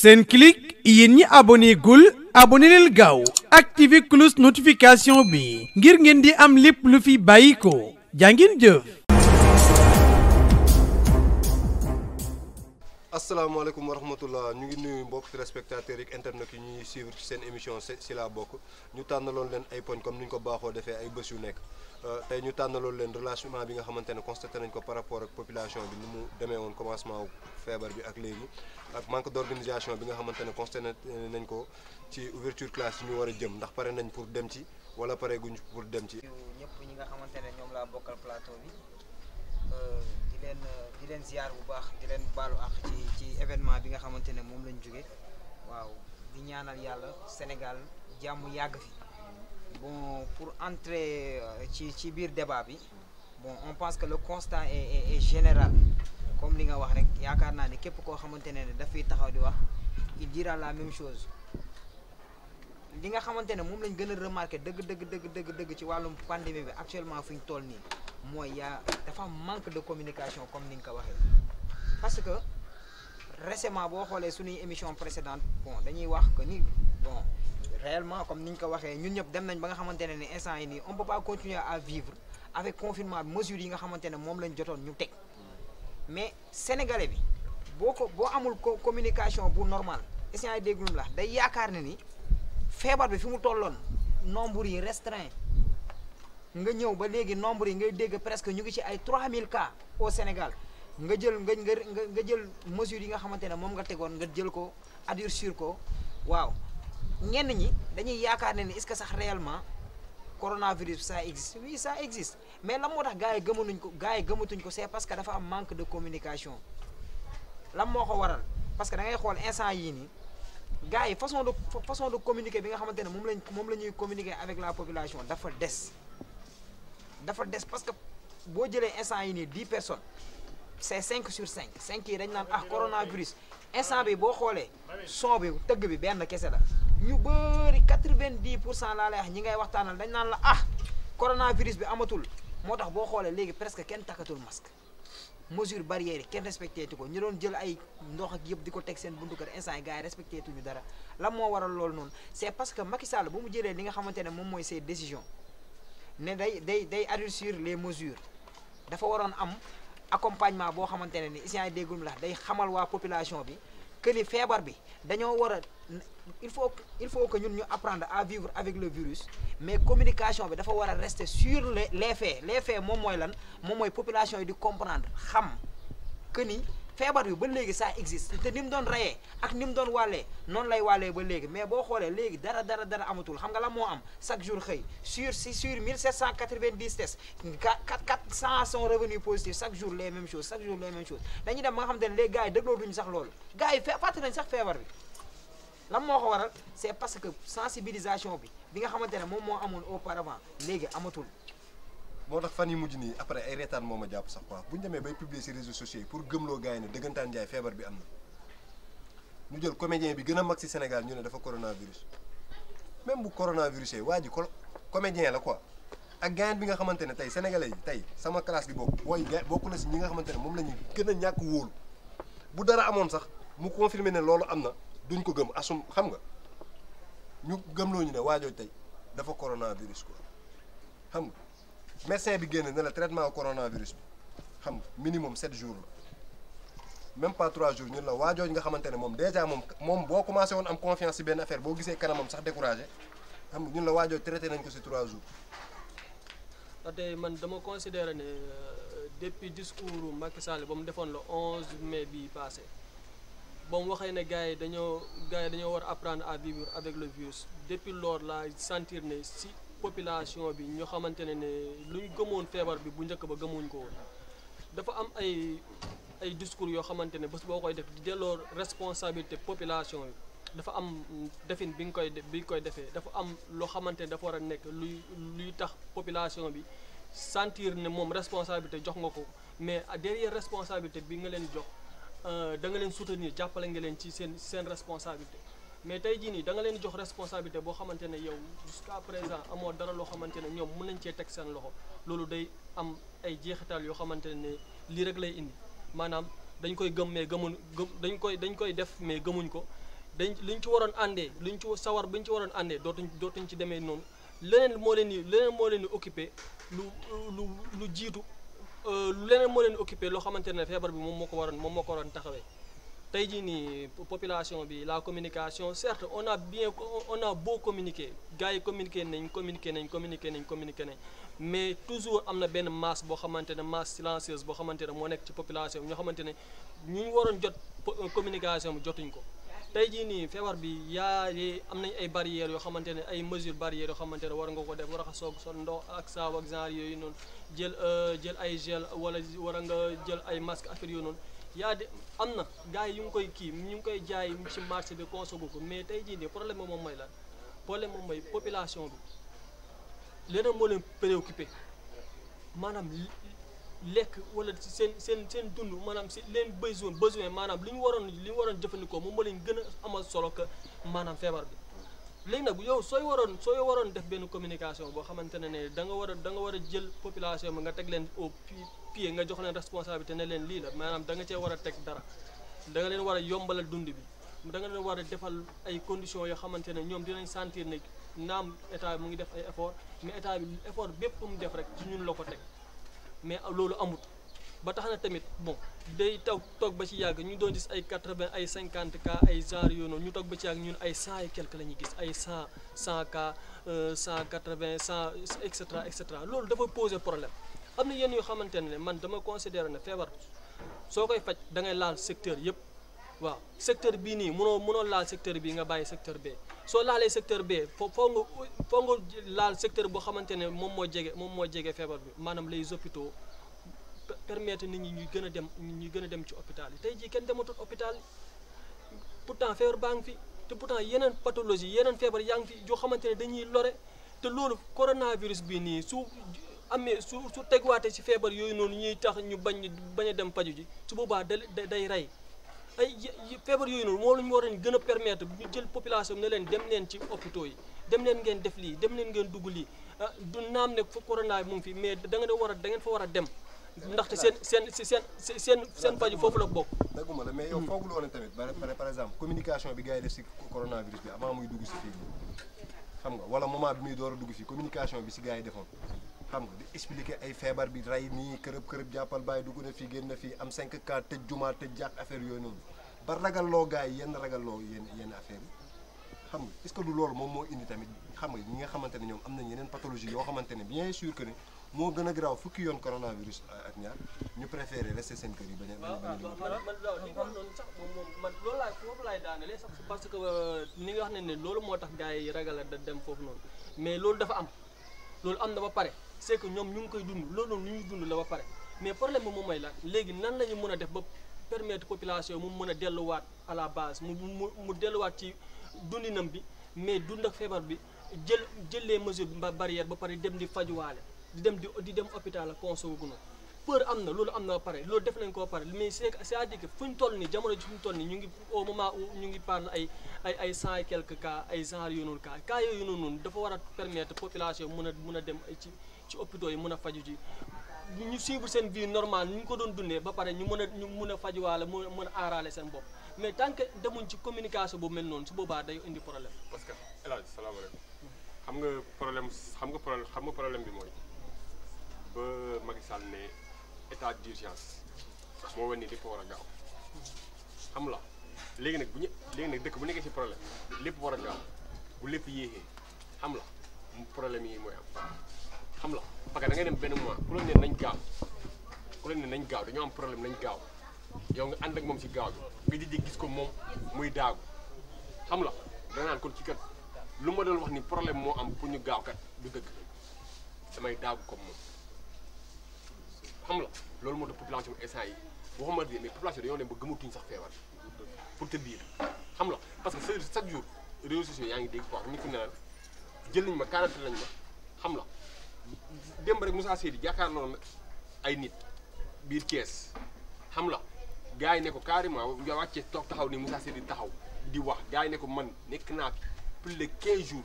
Senclic yéen ñi abonné gul abonné leen gaaw activé cloche notification bi ngir ngeen di am lépp lu fi bàyyi ko jàngin jëf. asalaamaaleykum wa rahmatullah ñu ngi nuyu mbokk téléspectateurs yi internet yi ñuy suivre seen émission si la bokk ñu tànnaloon leen ay poñ comme ni ñu ko baaxoo defee ay bés yu nekk euh, tey ñu tànnaloon leen relâchement bi nga xamante ne constaté nañ ko par rapport ak population bi ni mu demee woon commencement feebar bi ak léegi. ak manque d'organisation bi nga xamante ne constaté nañ ko ci ouverture classe ñu war a jëm ndax pare nañ pour dem ci wala pare guñ pour dem ci. ñëpp ñi nga xamante ne ñoom laa bokkal plateau bi euh, di leen di leen ziar bu baax di leen baalu ak ci ci événement bi nga xamante ne moom lañ jóge waaw di ñaanal yàlla Sénégal jàmm yàgg fi bon pour entrer euh, ci ci biir débat bi bon on pense que le constant est est est général. comme li nga wax rek yaakaar naa ne képp koo xamante ne daf fiy taxaw di wax il dira la même chose li nga xamante ne moom lañ gën a remarqué dëgg dëgg dëgg dëgg dëgg ci wàllum pandémie bi actuellement fu ñu toll nii mooy yaa dafa manque de communication comme ni nga ko waxee parce que récemment boo xoolee suñuy émission précédente bon dañuy wax que ni bon réellement comme ni ñu ko waxee ñun ñëpp dem nañ ba nga xamante ne ni instant yi nii on peut à vivre avec confinement mesures yi nga xamante ne moom lañ jotoon ñu teg mais sénégalais bi boo ko boo amul communication bu normal essient yi déggulum la day yaakaar ne ni feebar bi fi mu tolloon nombre yi restreint nga ñëw ba léegi nombre yi ngay dégg presque ñu ngi ci ay trois 3000 cas au Sénégal nga jël nga nga nga jël mesures yi nga xamante ne moom nga tegoon nga jël ko adurcir ko waaw ñenn ñi dañuy yaakaar ne ni est-ce que sax réellement coronavirus ça existe oui ça existe mais lan moo tax gars yi gëmanuñ ko gars yi gëmatuñ ko c'est parce que dafa am manque de communication lan moo ko waral parce que da ngay xool instant yi nii gars yi façon de façon de communiqué bi nga xamante ne moom lañ moom la ñuy communiquer avec la population dafa des dafa des parce que boo jëlee instant yi nii dix personnes c'est cinq sur cinq cinq yi dañ naan ah coronavirus instant bi boo xoolee son bi tëgg bi benn kese la ñu bëri quatre-vingt-dix pour cent laa lay wax ñi ngay waxtaanal dañ naan la ah coronavirus bi amatul moo tax boo xoolee léegi presque kenn takkatul masque mesure barrière yi kenn respecté tu ko ñu doon jël ay ndox ak yëpp di ko teg seen buntu kër instant yi gars yi respecté tuñu dara lan moo waral loolu noonu c'est parce que Macky Sall bu mu jëlee li nga xamante ne moom mooy ses décisions ne day day day adoucir les mesures dafa waroon am accompagnement boo xamante ne ni isient déggum la day xamal waa population bi que ni feebar bi dañoo war a il faut il faut que ñun ñu apprendre à vivre avec le virus mais communication bi dafa war a rester sur les les faits les faits moom mooy lan moom mooy population yi di comprendre xam que feebar bi ba léegi sa existe te ni mu doon reyee ak ni mu doon wàllee noonu lay waale ba léegi mais boo xoolee léegi dara dara dara amatul xam nga la moo am chaque jour xëy sur si sur 1790 tests quatre quatre cent sont revenus positifs chaque jour les mêmes choses chaque jour les mêmes choses dañuy dem ba nga xam te ne léegi gars yi dégloo duñu sax loolu gars yi fàtte nañ sax feebar bi lan moo ko waral c'est parce que sensibilisation bi bi nga xamante ne moom moo amoon auparavant léegi amatul moo tax fan yi mujj nii après ay reetaan moo ma jàpp sax quoi bu ñu demee bay publier ci réseaux sociaux yi pour gëmloo gars yi ne dëggantaan njaay feebar bi am na ñu jël comédien bi gën a mag ci Sénégal ñu ne dafa coronavirus même bu coronavirus yi waa ji ko comédien la quoi ak gars bi nga xamante ne tey sénégalais tey sama classe bi bokk booy gars bokk na ñi nga xamante ne moom la ñu gën a ñàkk wóolu bu dara amoon sax mu confirmer ne loolu am na duñ ko gëm asum xam nga ñu gëmloo ñu ne waajoo tey dafa coronavirus quoi xam nga. médecin bi génn ne la traitement coronavirus bi xam nga minimum 7 jours la même pas 3 jours ñun la waa jooju nga xamante ne moom déjà moom moom boo commencé woon am confiance ci benn affaire boo gisee kanamam sax découragé xam nga ñun la waa traité nañ ko ci 3 jours. ndaxte man dama considéré ne euh, depuis discours Macky Sall ba mu defoon le 11 mai bi passé. ba mu waxee ne gars yi dañoo gars dañoo war apprendre à vivre avec le virus depuis lors laa sentir ne si population bi ñoo xamante ne ne ñu gëmoon feebar bi bu njëkk ba gëmuñ ko woon dafa am ay ay discours yoo xamante ne bés boo koy def di delloo responsabilité population bi dafa am defin bi nga koy bi nga koy defee dafa am loo xamante ne dafa war a nekk luy luy tax population bi sentir ne moom responsabilité jox nga ko mais derrière responsabilité bi nga leen jox euh, da nga leen soutenir jàppale nga leen ci seen seen responsabilité mais tey jii nii da nga leen jox responsabilité boo xamante ne yow jusqu'à présent amoo dara loo xamante ne ñoom mën nañ cee teg seen loxo loolu day am ay jeexital yoo xamante ne lii rek lay indi maanaam dañ koy gëm mais gëmuñ gëm dañ koy dañ koy def mais gëmuñ ko dañ liñ ci waroon àndee lu liñ ci sawar buñ ci waroon àndee dootuñ dootuñu ci demee noonu leneen moo leen di leneen moo leen di occupé lu lu lu jiitu euh, leneen moo leen occupé loo xamante ne feebar bi moom moo ko waroon moom moo ko waroon taxawee tey jii nii population bi la communication certes on a bien on a boo communiquer gars yi communiquer nañ communiquer nañ communiquer nañ communiquer nañ mais toujours am na benn masse boo xamante ne masse silencieuse boo xamante ne moo nekk ci population bi ñoo xamante ne ñu waroon jot euh, communication jotuñ ko. tey jii nii feebar bi yaa am nañ ay barrières yoo xamante ne ay mesures barrières yoo xamante ne war nga ko def war a soog sol ndox ak saabu ak genre yooyu noonu jël euh, jël ay gel wala war nga jël ay masque affaire yaa de am na gars yi ñu koy kii ñu ngi koy jaay ci marché bi consogu ko mais tey jii nii problème moom moom la lan problème moom mooy population bi leneen moo leen préoccupé maanaam lekk wala seen seen seen dund maanaam si leen besoin besoin maanaam li ñu waroon li ñu waroon jëfandikoo moom moo leen gën a amal solo ko maanaam feebar bi léegi nag yow sooy waroon sooy waroon def benn communication boo xamante ne ne danga war a war a jël population bi nga teg leen au pied nga jox leen responsabilité ne leen lii la maanaam danga nga cee war a teg dara da leen war a yombalal dund bi danga nga leen war a defal ay condition yoo xamante ne ñoom dinañ sentir ne naam état bi mu ngi def ay effort mais état bi effort bépp mu def rek ci ñun la ko teg mais loolu amut ba tax na tamit bon day taw toog ba ci yàgg ñu doon gis ay quatre-vingt ay cinquante cas ay genre yooyu ñu toog ba ci yàgg ñun ay cent et quelque ñuy gis ay cent cent cas euh, cent quatre-vingt cent et cetera et cetera loolu dafa poser problème am na yenn yoo xamante ne man dama considéré ne feebar soo koy faj dangay ngay laal secteur yëpp waaw secteur bii nii mënoo mënoo laal secteur bii nga bàyyi secteur B soo laalee secteur B foo foo nga foo laal secteur boo xamante ne moom moo jege moom moo jege feebar bi maanaam les hôpitaux permettre nit ñi ñuy gën a dem ñuy gën a dem ci oppital yi tey jii kenn dematul hôpital pourtant feebar baa ngi fi te pourtant yeneen pathologie yeneen feebar yaa ngi fi joo xamante ne dañuy lore te loolu coronavirus bi nii su amee su su tegwaatee ci feebar yooyu noonu ñuy tax ñu bañ bañ a dem paju ji su boobaa da day rey ay feebar yooyu noonu moo lañu war a gën a permettre ñu jël population ne leen dem leen ci hôpitaux yi dem leen ngeen def lii dem leen ngeen dugg lii ah, du naam ne corona bi mu ngi fi mais da nga war a da ngeen fa war a dem ndaxte seen seen seen seen seen paju foofu la bokk. dëgguma la mais yow fooguloo ne tamit par exemple communication bi gars yi def si coronavirus bi avant si fii xam nga wala moment bi muy door dugg fii communication bi si gars yi defoon xam nga di ay feebar bi rey nii kërëb kërëb jàppal bàyyi dugg na fii génn fii am cinq cas tëj jumaa tëj jàpp affaire yooyu noonu ba ragalloo gars yi yenn ragal loo yenn affaire yi xam nga est que du loolu moom moo indi tamit xam nga ñi nga xamante ne ñoom am nañ yeneen pathologie yoo xamante ne bien sûr que ne moo gën a garaaw fukki yoon coronavirus ak ñaar ñu préféré rester seen kër yi bañ a. waaw man daaw li nga wax noonu sax moom moom man loolu laay foofu laay daanelee que euh, ni nga wax ne ne loolu moo tax gars yi ragal a dem foofu noonu mais loolu dafa am loolu am na ba pare c'est ñoom ñu ngi koy dund loolu noonu ñu dund la ba pare mais problème bi moom mooy lan léegi nan la ñu mën a def ba permettre population mu mën a delluwaat à la base mu mu mu delluwaat ci dundinam bi mais dund ak feebar bi jël jël les mesures barrières ba pare dem di fajuwaale. di dem di di dem hôpital conso wuguno peur am na loolu am na pare loolu def nañ koo pare mais c'est-à-dire fu ñu toll nii jamono ji fu ñu toll nii ñu ngi au moment ñu ngi parle ay ay ay cent et quelques cas ay genre yu noonu cas cas yooyu noonu dafa war a permettre population mën a mën a dem ci ci yi mën a faju ji ñu suivre seen vie normale ni ñu ko doon dundee ba pare ñu mën a mun a fajuwaale mën a mën a aaraale seen bopp mais tant que demuñ ci communication bu mel noonu su boobaa day indi problème. parce que El Hadj salaamaaleykum. xam nga problème xam nga problème xam nga problème bi mooy. ba Macky Sall ne état d'urgence moo wane ni lépp war a gaaw xam la léegi nag bu ñu léegi nag dëkk bu nekkee si problème lépp war a gaaw bu lépp yéexee xam la problème yi mooy am xam la parce que da dem benn mois ku la ne nañ gaaw ku la ne nañ gaaw dañoo am problème nañ gaaw yow nga ànd ak moom ci gaaw bi nga jëjee gis ko moom muy daagu xam la danaan kon ci kat lu ma doon wax ni problème moo am pour ñu gaawkat kat du dëgg damay daagu comme moom xam la loolu moo tax population instant yi waxuma de mais population dañoo dem ba gëmatuñ sax feebar pour te dire xam nga parce que chaque jour réseaux sociaux yaa ngi dégg ko wax nit ku ne la jël nañ ma quarantaine lañ ma xam nga démb rek Moussa Seydi jàkkaarloo na ay nit biir Thiès xam nga gars yi ne ko carrément nga wàccee toog taxaw ni Moussa Seydi taxaw di wax gars yi ne ko man nekk naa plus de jour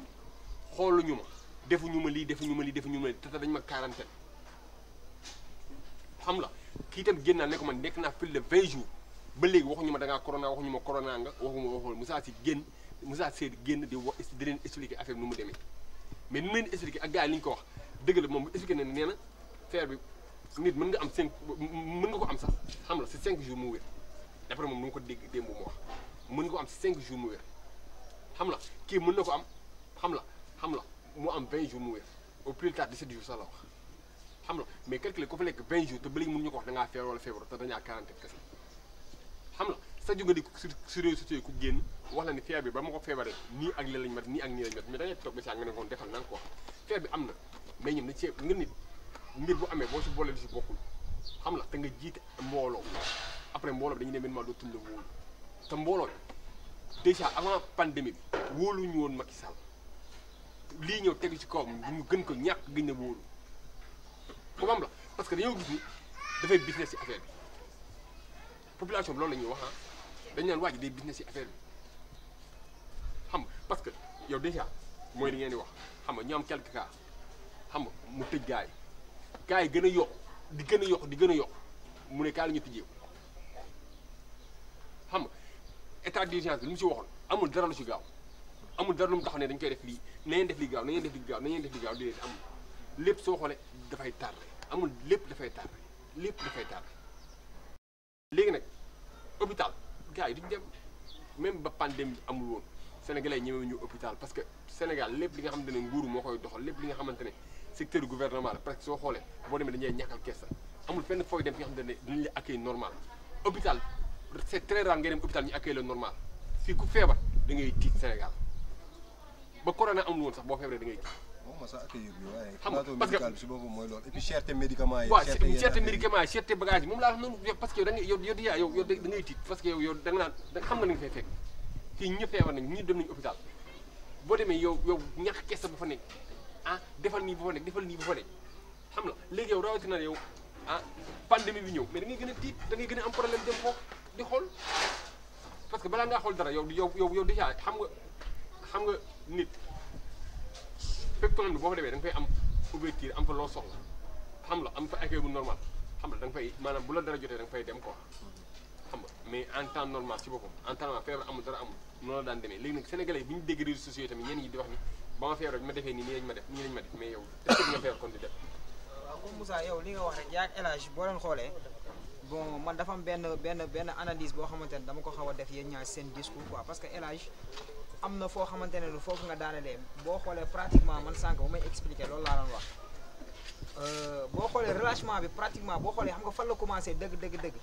xoolu ñu ma defuñu ma lii defuñu ma lii defuñu ma lii te dañ ma quarantaine xam la kii itam génn naa ne ko man nekk naa plus de vingt jours ba léegi waxuñu ma da ngaa corona waxuñu ma corona nga waxuma waxuma Moussa si génn Moussa Seye génn di wax di leen expliquer affaire bi nu mu demee mais nu leen expliquer ak gars yi li ko wax dëgg la moom expliqué na ne nee na bi nit mën nga am cinq mën nga ko am sax xam la si cinq jours mu wér d'après moom nu mu ko dégg démb mu wax mën nga ko am si cinq jours mu wér xam la kii mën na ko am xam la xam la mu am vingt jours mu au plus tard dix-sept jours xam nga mais calculer ko fa nekk 20 jours te ba léegi mën ñu ko wax da ngaa feebar wala feebar te dañaa quarantaine kese xam nga sa jónga di su réseaux sociaux yi ku génn wax la ne feebar bi ba ma ko feebaree nii ak lii lañ mat nii ak nii lañ mat mais dañuy toog ba saa nga ne ko defal naa ko feebar bi am na mais ñoom dañ cee nga nit mbir bu amee boo si boolee di si bokkul xam la te nga jiite mbooloo après mbooloo bi dañu ne man maa dootul la wóolu te mbooloo bi déjà avant pandémie bi wóoluñu woon Macky Sall lii ñëw tegu ci kawam ñu gën ko ñàkk gën a wóolu ko moom la parce que dañoo gis ni dafay business ci affaire bi population bi loolu la wax dañ dañu naan waa ji day business ci affaire bi xam nga parce que yow déjà mooy li ngeen di wax xam nga ñu am quelque cas xam nga mu tëj gars yi gën a yokk di gën a yokk di gën a yokk mu ne kaa la ñu tijjee xam nga état d'urgence bi li mu ci waxoon amul dara lu ci gaaw amul dara lu mu taxaw ne dañu koy def lii na ngeen def lii gaaw na ngeen def lii gaaw na ngeen def lii gaaw déedéet amul lépp soo xoolee dafay tardé. amul lépp dafay tardé lépp dafay tardé léegi nag hôpital gars yi duñ dem même ba pandémie amul woon sénégalais ñemewu ñu hôpital parce que Sénégal lépp li nga xamante ne nguuru moo koy doxal lépp li nga xamante ne secteur gouvernement la parce que soo xoolee boo demee dañuy ñàkkal kersa amul fenn fooy dem fi nga xamante ne dañu la normal hôpital c'est très rare ngay dem hôpital ñu accueil la normal fii ku feebar da ngay tiit Sénégal ba korona amul woon sax boo feebaree da ngay waxuma sax accueil bi waaye. xam nga parce que plateau médical bi ni nga fekk fii ñëpp nañ ñii dem nañu hôpital boo demee yow yow ñax kese ba fa nekk ah defal nii bu fa nekk defal nii bu fa nekk xam na léegi yow rawatina yow ah pandémie bi ñëw mais da ngay gën a tiit da ngay gën am problème dem foofu di xool parce que balaa ngaa xool dara yow yow yow déjà xam nga xam nga nit fekk tool bi boo fa demee da nga fay am ouverture am fa loo soxla xam la am fa accueil bu normal xam la da nga fay maanaam bu la dara jotee da nga fay dem quoi xam nga mais en temps normal ci boppam en temps normal feebar amul dara amul noonu la daan demee léegi nag sénégalais bi ñu dégg réseaux sociaux yi tamit ñenn ñi di wax ni ba ma feebar ma defee nii nii lañ ma def nii lañ ma def mais yow est-ce nga feebar kon di def waaw comme Moussa yow li nga wax rek yaag El Hadj boo xoolee bon man dafa am benn benn benn analyse boo xamante ne dama ko xaw def yéen ñaar seen discours parce que El am na foo xamante ne lu foofu nga daanalee boo xoolee pratiquement man sànq bu may expliquer loolu laa doon wax euh, boo xoolee relâchement bi pratiquement boo xoolee xam nga fan la commencé dëgg dëgg dëgg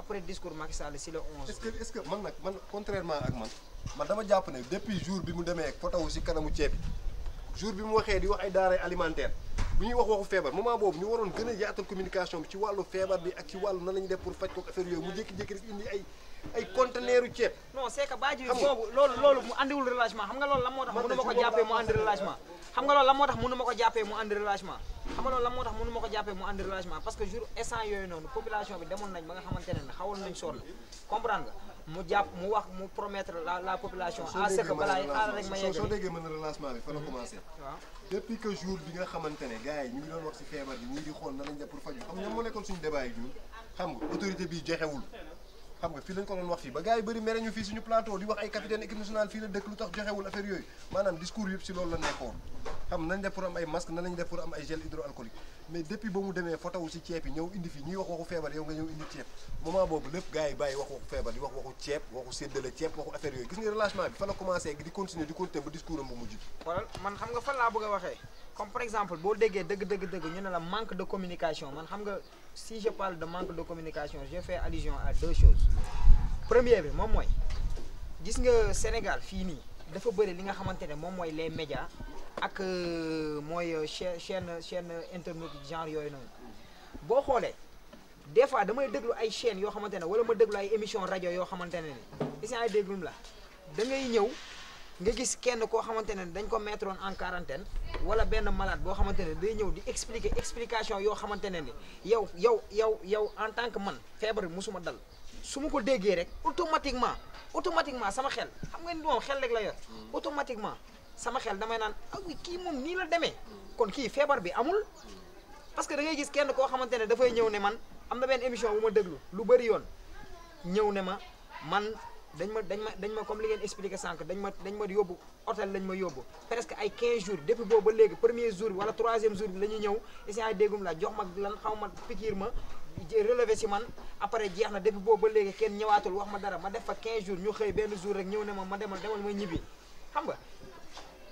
après discours Macky Sall si le 11. est-ce que est-ce que man nag man contrairement ak man man dama jàpp ne depuis jour bi mu demee ak wu si kanamu ceeb bi jour bi mu waxee di wax ay daara alimentaire bu ñuy wax waxu feebar moment boobu ñu waroon gën a yaatal communication bi ci wàllu feebar bi ak ci wàllu nan la indi ay. ay conteneur u ceeb. non c'est que baaji boobu loolu loolu mu andiwul relâchement xam nga loolu lan moo tax mënu ma ko jàppee mu andi relâchement xam nga loolu lan moo tax mënu ma ma ko jàppee mu andi relâchement parce que jour instant ne xawoon soo déggee mën relâchement bi fa la mhm. commencé. depuis que jour bi nga xamante ne yi ñu ngi wax si feebar bi ñii di xool na lañ def pour faju xam nga moo nekkoon suñu débat yi ñun xam autorité bi joxewul xam nga fii lañ ko doon wax fii ba gars yi bëri mere ñu fii suñu plateau di wax ay capitaine équipe fii la dëkk lu tax joxewul affaire yooyu maanaam discours yëpp si loolu la nekkoon xam nañ def pour am ay masque na lañ def pour am ay gel hydroalcoolique mais depuis ba mu demee fotowu si ceeb yi ñëw indi fii ñuy wax waxu feebar yow nga ñëw indi ceeb moment boobu lépp gars yi bàyyi wax waxu feebar di wax waxu ceeb waxu séddale ceeb waxu affaire yooyu gis nga relâchement a si je parle de manque de communication je fais allusion à deux choses premier bi moom mooy gis nga Sénégal fii nii dafa bëri li nga xamante ne moom mooy les médias ak euh, mooy euh, chaîne chaîne chaîne internet genre yooyu noonu boo xoolee des fois damay déglu ay chaînes yoo xamante ne wala ma déglu ay émission rajo yoo xamante ne ni is ay déglum la da ngay ñëw nga gis kenn koo xamante ne dañ ko mettre en quarantaine wala benn malade boo xamante ne day ñëw di expliquer explication yoo xamante ne ni yow yow yow yow en tant que man feebar bi musuma dal su ma ko déggee rek automatiquement automatiquement sama xel xam nga ni xel rek la yor automatiquement sama xel damay naan ah kii moom nii la demee kon kii feebar bi amul parce que da ngay gis kenn koo xamante ne dafay ñëw ne man am na benn émission bu ma déglu lu bëri yoon ñëw ne ma man dañ ma dañ ma dañ ma comme li ngeen expliqué sànq dañ ma dañ ma yóbbu hôtel lañ ma yóbbu presque ay 15 jours depuis boobu ba léegi premier jour bi wala troisième bi la ñuy ñëw essayé déggum la jox ma lan xaw ma pikiir ma relevé si man après jeex na depuis boobu ba léegi kenn ñëwaatul wax ma dara ma def fa 15 jours ñu xëy benn jour rek ñëw ne ma ma demal demal ma ñibbi xam nga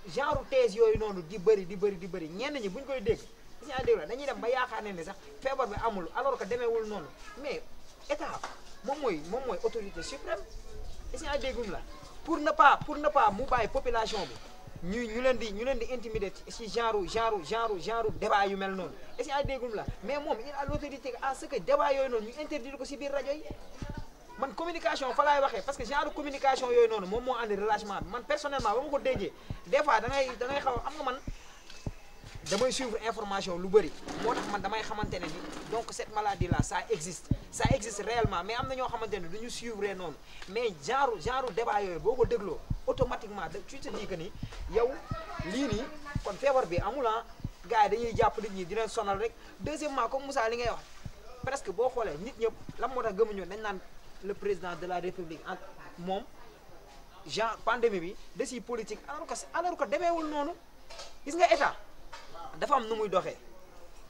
genre thèse yooyu noonu di bëri di bëri di bëri ñenn ñi bu ñu koy dégg essayé dégg dañuy dem ba yaakaar ne ne sax feebar bi amul alors que demeewul noonu mais état moom mooy moom mooy autorité suprême est-ce que déggum la pour ne pour ne pas mu bi ñuy ñu leen di ñu leen di intimider ci genre genre genre genre débat yu mel noonu est-ce que la mais moom il a l'autorité a ce que débat yooyu noonu ñu interdire ko si biir rajo yi man communication fa laay waxee parce que genre communication yooyu noonu moom moo andi relâchement bi man personnellement ba ma ko déggee des fois da xaw am nga man damay suivre information lu bëri moo tax man damay xamante ne ni donc cette maladie là ça existe sa existe réellement mais am na ñoo xamante ne dañu ñu suivre noonu mais genre genre débat yooyu boo ko dégloo automatiquement da tu te dis ni yow lii nii kon feebar bi amul ah gars dañuy jàpp nit ñi di sonal rek deuxièmement comme Moussa li ngay wax presque boo xoolee nit ñëpp lan moo tax gëmuñu dañ naan le président de la république ak moom genre pandémie bi da siy politique alors que alors que demeewul noonu gis nga état. dafa am nu muy doxee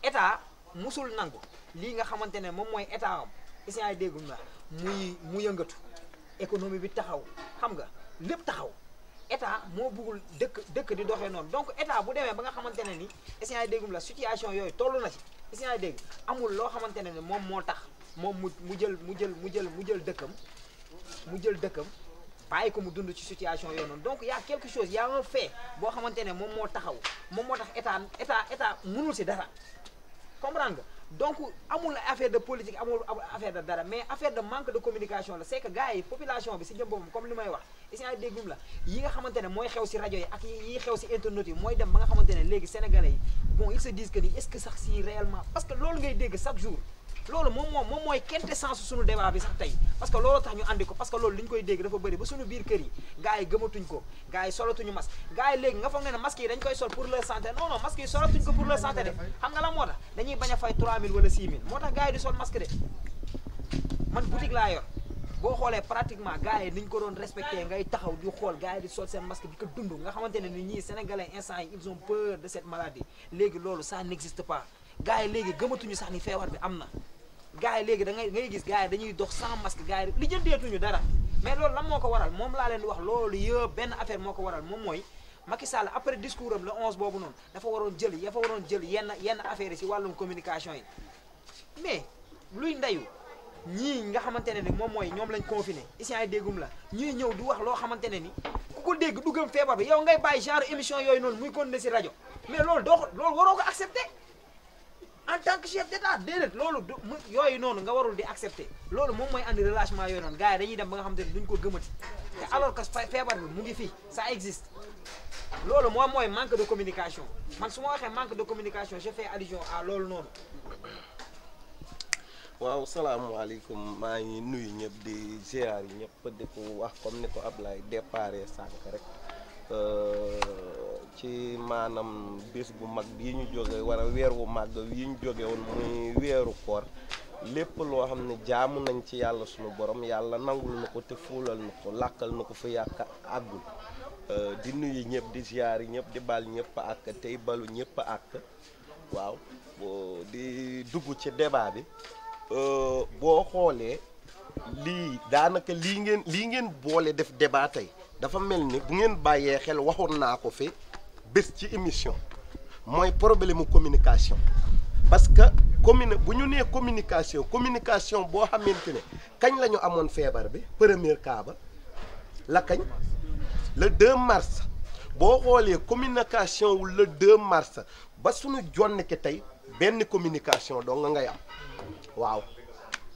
état mosul nangu lii nga xamante ne moom mooy état am essient yi déggul na muy mu yëngatu économie bi taxaw xam nga lépp taxaw état moo buggul dëkk dëkk di doxee noonu donc état bu demee ba nga xamante ne ni essient yi déggum la situation yooyu toll na ci essient yi dégg amul loo xamante ne ni moom moo tax moom mu mu jël mu jël mu jël mu jël dëkkam mu jël dëkkam bàyyi ko mu dund ci situation yooyu noonu donc y' a quelque chose y' fait boo xamante ne moom moo taxaw moom moo tax état état état mënul si dara comprendre nga donc amul affaire de politique amul affaire de dara mais affaire de manque de communication la c' que gars population bi si jëm comme li may wax isient déggum la yi nga xamante ne mooy xew si rajo yi ak yi xew si internet yi mooy dem ba nga xamante ne léegi sénégalais yi bon ils se disent que sax si parce que loolu ngay dégg chaque jour loolu moom moom moom mooy kente sens suñu débat bi sax tey parce que loolu tax ñu andi ko parce que loolu li ñu koy dégg dafa bëri ba suñu biir kër yi gars yi gëmatuñ ko gars yi solatuñu masque gars yi léegi nga foog ne ne masque yi dañ koy sol pour leur santé non non masque yi solatuñ ko pour leur santé de xam nga la moo tax dañuy bañ a fay 3000 wala 6000 moo tax gars yi di sol masque de man boutique laa yor boo xoolee pratiquement gars yi niñ ko doon respecté ngay taxaw di xool gars yi di sol seen masque di ko dund nga xamante ne ni ñii sénégalais instant yi ils ont peur de cette maladie léegi loolu ça n'existe pas gars yi léegi gëmatuñu sax ni feebar bi am na gars yi léegi da ngay ngay gis gars yi dañuy dox sans masque gars yi li jëndeetuñu dara mais loolu lan moo ko waral moom laa leen di wax loolu yëpp benn affaire moo ko waral moom mooy Macky Sall après discours am le 11 boobu noonu dafa waroon jël dafa waroon jël yenn yenn affaires yi si wàllum communication yi mais luy ndeyu ñii nga xamante ne ni moom mooy ñoom lañ confiné ici ay déggum la ñuy ñëw di wax loo xamante ne ni ku ko dégg du gëm feebar bi yow ngay bàyyi genre émission yooyu noonu muy continuer si rajo mais loo doo loolu waroo ko en tant que chef d'état déedéet loolu du yooyu noonu nga warul di accepter loolu moom mooy andi relâchement yooyu noonu gars yi dañuy dem ba nga xam te ne duñ ko gëmati te alors que feebar bi mu ngi fii ça existe loolu moom mooy manque de communication man su ma waxee manque de communication je fais allusion à loolu noonu waaw salaamaaleykum maa ngi nuyu ñëpp di ziar yi ñëpp di ko wax comme ni ko Ablaye déparé sànq rek Euh, ci maanaam bis bu mag bii ñu jóge war a weer wu màgg yi ñu jóge woon muy weeru koor lépp loo xam ne jaamu nañ ci yàlla sunu borom yàlla nangul na ko te fuulal na ko làkkal na ko fa yàq àggul euh, di nuyu ñëpp di ziyaar ñëpp di bal ñëpp ak tey balu ñëpp ak waaw di dugg ci débat bi euh, boo xoolee lii daanaka lii ngeen lii ngeen boole def débat tey dafa mel ni bu ngeen bàyyee xel waxoon naa ko fi bés ci émission mooy problème mu communication parce que commune bu ñu nee communication communication boo xamante ne kañ la ñu amoon feebar bi premier kaaba ba la kañ le 2 mars boo xoolee communication wu le 2 mars ba suñu jonn ki tey benn communication doo nga ngay am waaw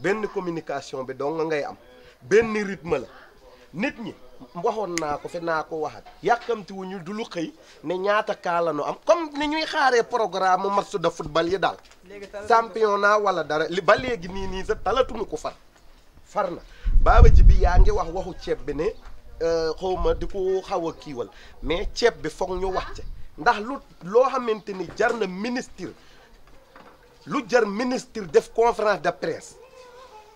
benn communication bi doo nga ngay am benn rythme la nit ñi waxoon naa ko fi naa ko waxat yàkkamtiwuñu du lu xëy ne ñaata kaala nu am comme ni ñuy xaaree programme mu match de football yi daal. champion naa wala dara li ba léegi nii nii sax talatuñu ko far far na baaba ji yaa ngi wax waxu ceeb bi ne euh, xawma di ko xaw a kiiwal mais ceeb bi foog ñu wax ci ndax lu loo xamante ni jar na ministre lu jar ministre def conférence de presse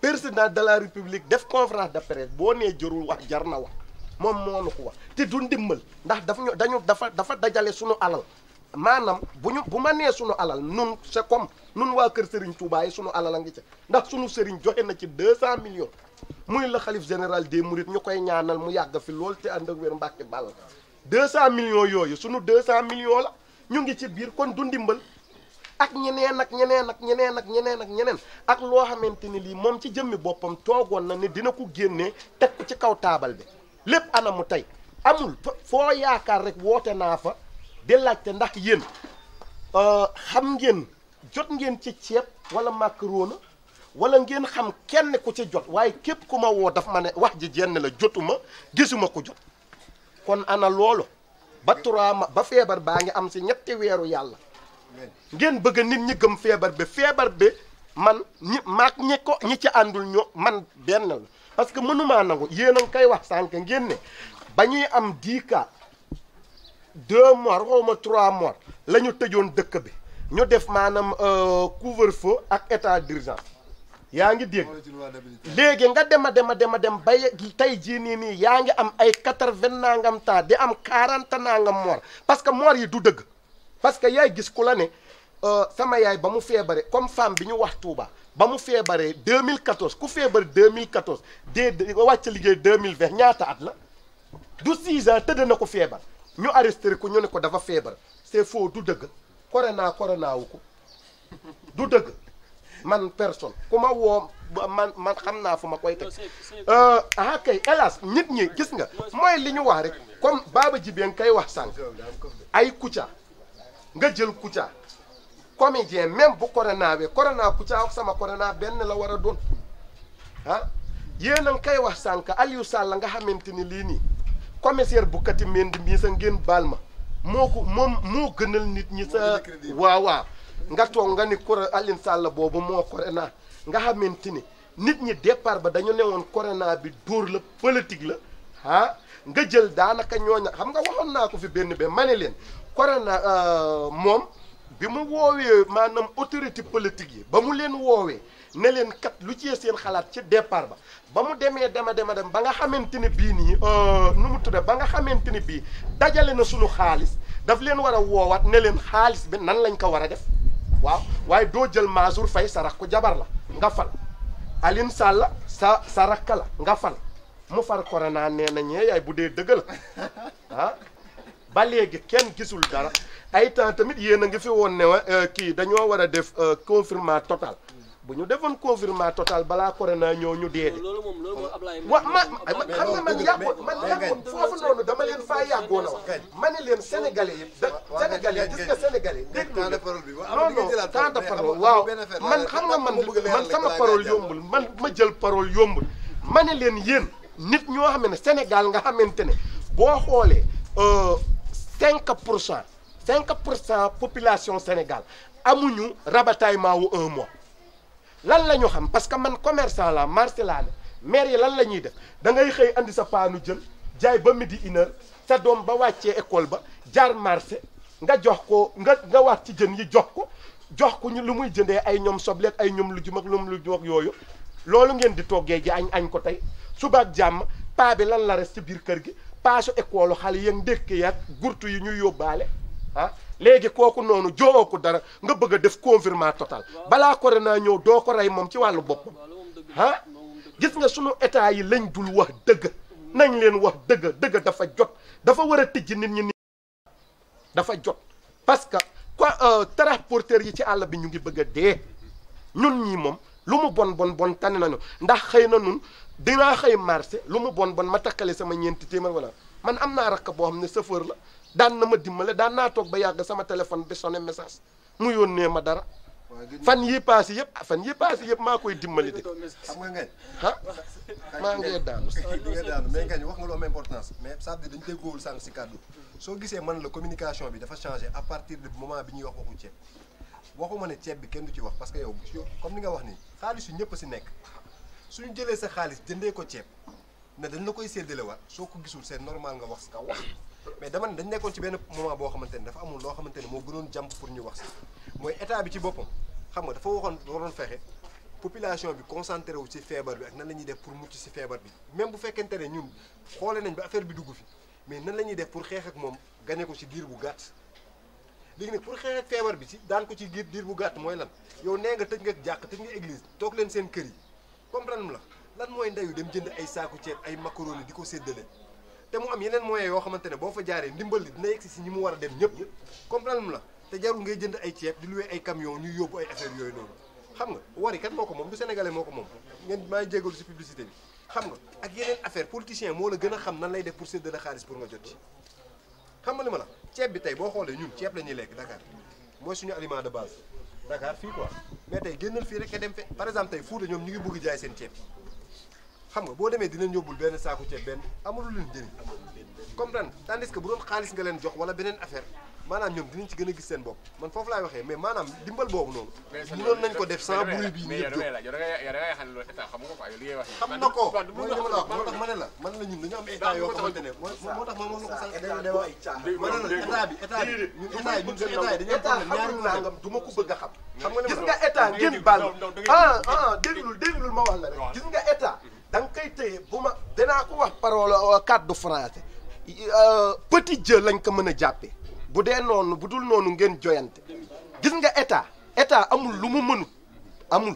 président de la république def conférence de presse boo nee jarul wax jar na wax. moom moo nu ko wax te du ndimbal ndax dafa ñu dañu dafa dafa dajale suñu alal maanaam bu ñu bu ma nee sunu alal nun c'est comme nun waa kër Serigne Touba yi suñu alal a ngi ca ndax suñu Serigne joxe na ci deux cent millions muy la xalif général des Mourides ñu koy ñaanal mu yàgg fi lool te ànd ak wér Mbàkke bàll deux cent millions yooyu suñu deux cent millions la ñu ngi ci biir kon du ndimbal ak ñeneen ak ñeneen ak ñeneen ak ñeneen ak ñeneen ak loo xamante ni lii moom ci jëmmi boppam toogoon na ne dina ko génnee teg ci kaw taabal bi lépp ana mu tey amul foo yaakaar rek woote naa fa di laajte ndax yéen euh, xam ngeen jot ngeen ci ceeb wala macaroni wala ngeen xam kenn ku ci jot waaye képp ku ma woo dafa ma ne wax ji jenn la jotuma gisuma ko jot kon ana loolu ba trois ma ba feebar baa ngi am si ñetti weeru yàlla ngeen bëgg a nit ñi gëm feebar bi feebar bi man ñi maag ñi ko ñi ci àndul ñoo man benn la parce que mënumaa nangu yéen a ngi koy wax sànq ngeen ne ba ñuy am dix cas deux morts xaw ma trois morts la ñu tëjoon dëkk bi ñu def maanaam euh, couvre-feu ak état d'urgence yaa ngi dégg léegi nga dem a dem a dem a dem bay tey jii nii nii yaa ngi am ay quatre-vingts nangam taa di am quarante nangam mort parce que mort yi du dëgg parce que yaay gis ku la ne euh, sama yaay ba mu feebare comme femme bi ñu wax Touba. ba mu feebaree deux 2014 ku feebar 2014 dee di ko wàcc liggéey 2020 ñaata at la du 6 ans tëdd na ko feebar ñu arrêté ko ñu ne ko dafa feebar c'est faux du dëgg corona corona wu ko du dëgg man personne ku ma woo man man xam naa fu ma koy teg euh, ah kay hélas nit ñi gis nga mooy li ñu wax rek comme Baba Jibeen kay wax sànq ay Kouthia nga jël Kouthia. comédien même bu corona bi corona ku caa wax sama corona benn la war a doon ah yéen a ngi koy wax sànq Aliou sàll nga xamante ni lii nii commissaire bu kati mendi mii sa ngeen baal ma moo ko moom moo gënal nit ñi sa waaw waaw nga toog nga ni kor Aliou Sall boobu moo corona nga xamante ni nit ñi départ ba dañu newoon corona bi dóor la politique la ah nga jël daanaka ñooña xam nga waxoon naa ko fi benn be ma ne leen corona euh, moom bi mu woowee maanaam autorité politique yi ba mu leen woowee ne leen kat lu ci seen xalaat ci départ ba ba mu demee dema dema dem ba nga xamante ne bii nii euh, nu mu tudde ba nga xamante ne bii dajale na suñu xaalis daf leen war a ne leen xaalis bi nan lañ ko war a def waaw waaye doo jël Mansour fay sa rakk jabar la nga fal Aline Sall sa sa rakk la nga fal mu far corona nee na ñee yaay bu dee dëgg la ah. ba léegi kenn gisul dara ay temps tamit yéen a ngi fi woon ne euh, kii dañoo war a def euh, confinement total bu ñu defoon confinement total balaa naa ñoo ñu dee de. loolu moom loolu moom Ablaye. waaw ma xam nga man yàggoon man dama leen a wax. ma ne leen sénégalais yëpp da sénégalais gis nga sénégalais. dégg nga non non temps de xam nga man man sama parole yombul man ma jël parole yombul. ma ne leen yéen nit ñoo xam ne Sénégal nga xamante ne boo xoolee. Euh, cinq pour cent cinq pour cent population Sénégal amuñu rabatayement wu un mois lan la ñu xam parce que man commerçant la marché laa ne yi lan la ñuy def dangay xëy indi sa paanu jël jaay ba midi une heure sa doom ba wàccee école ba jaar marché nga jox ko nga nga waat ci jën yi jox ko jox ko ñu lu muy jëndee ay ñoom sobleeg ay ñoom lu jum ak ñoom lu jum yooyu loolu ngeen di toggee ji añ añ ko tey subaat jàmm paa bi lan la res ci biir kër gi paasu école xale ya ndékk yaag gurtu yi ñuy yóbbaale ah léegi kooku noonu joowoo ko dara nga bëgg a def confinement total balaa corona ñëw doo ko rey moom ci wàllu boppam ah gis nga sunu état yi lañ dul wax dëgg nañ leen wax dëgg dëgg dafa jot dafa war a tijji nit ñi dafa jot parce que quoi euh, transporteur yi ci àll bi ñu ngi bëgg a dee ñun ñi moom lu mu bon bon bon tane nañu ndax xëy na ñun dinaa xëy marché lu mu bon bon ma takkale sama ñeenti téeméer wala man am naa rakk boo xam ne chauffeur la daan na ma dimbale daan naa toog ba yàgg sama téléphone bi sonné message mu yónnee ma dara fan yii paase yëpp fan yii yëpp maa koy dimbali de. xam nga ngeen. ah maa ngi daanu. daanu mais ngeen wax nga lu am mais ça dañu déggoowul sànq si kàddu soo gisee man la communication bi dafa changé à partir du moment bi ñuy wax waxu ceeb waxuma ne ceeb bi kenn du ci wax parce que yow comme ni nga wax ni xaalis yu ñëpp si nekk. su ñu jëlee sa xaalis jëndee ko ceeb na dañ la koy séddalewaat soo ko gisul c'est normal nga wax si kaw wax mais dama ne dañ nekkoon ci benn moment boo xamante ne dafa amul loo xamante ne moo gënoon jàmp pour ñu wax si mooy état bi ci boppam xam nga dafa waxoon waroon fexe population bi concentré wu ci feebar bi ak nan la ñuy def pour mucc si feebar bi même bu fekkente ne ñun xoole nañ ba affaire bi dugg fi mais nan lañuy def pour xeex ak moom gane ko ci diir bu gàtt léegi pour xeex feebar bi ci daan ko ci diir bu gàtt mooy lan yow nee nga tëj nga jàkk tëj nga église toog leen seen kër yi comprendre mu la lan mooy ndeyu dem jënd ay saaku ceeb ay macaroni di ko séddale te mu am yeneen moyens yoo xamante ne boo fa jaaree ndimbal li dina yegsi si ñi mu war a dem ñëpp comprendre mu la te jarul ngay jënd ay ceeb di louer ay camion ñuy yóbbu ay affaire yooyu noonu xam nga wari kat moo ko moom du sénégalais moo ko moom ngeen maa ngi jégalu si publicité bi xam nga ak yeneen affaire politicien moo la gën a xam nan lay def pour séddale xaalis pour nga jot ci xam nga li la ceeb bi tey boo xoolee ñun ceeb la ñuy lekk Dakar mooy suñu aliment de base Dakar fii quoi mais tey génnal fii rek nga dem fe par exemple tey Fuuta ñoom ñu ngi bëgg jaay seen ceeb xam nga boo demee dinañ yóbbul benn saaku ceeb benn amul lu leen jëriñ comprendre tandis que bu doon xaalis nga leen jox wala beneen affaire maanaam ñoom dinañ ci gën a gis seen bopp man foofu laay waxee mais maanaam dimbal boobu noonu. mënoon nañ ko def sans bruit bi ñëpp jóg. xam na ko mooy li ma la wax moo tax ma ne la man la ñun dañu am état yoo ma ko sànq ma ne la état bi état bi xam ne ñaari nangam du ko bëgg a xam xam nga gis ngeen baal ah ah ma wax la rek gis nga état da nga koy téye bu ma danaa ko wax parole kàddu français euh, petit jeu lañ ko mën a jàppe bu dee noonu bu dul noonu ngeen joyante gis nga état état amul lu mu mënut amul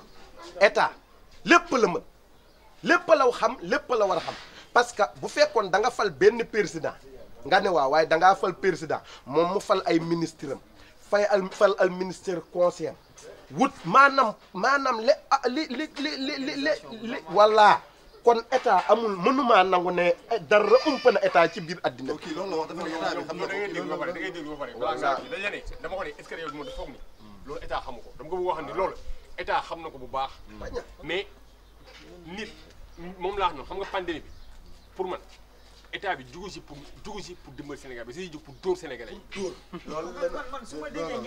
état lépp la mën lépp law xam lépp la war a xam parce que bu fekkoon danga fal benn président nga ne waaw waaye da ngaa fal président moom mu fal ay ministre am fay al fal al ministère conseil wut maanaam maanaam ah, li li li li li li kon état amul maa nangu ne dara ump na état ci biir àddina bi. loolu la wax dafa dama ko ne est-ce que yow moom dafa foog ni loolu état xamu ko dama ko bëgg a wax ni loolu état xam na ko bu baax. mais nit moom laa xam nga pandémie bi pour man. état bi dugg si pour dugg si pour dimbali Sénégal bi si jug pour dóor Sénégalais yi.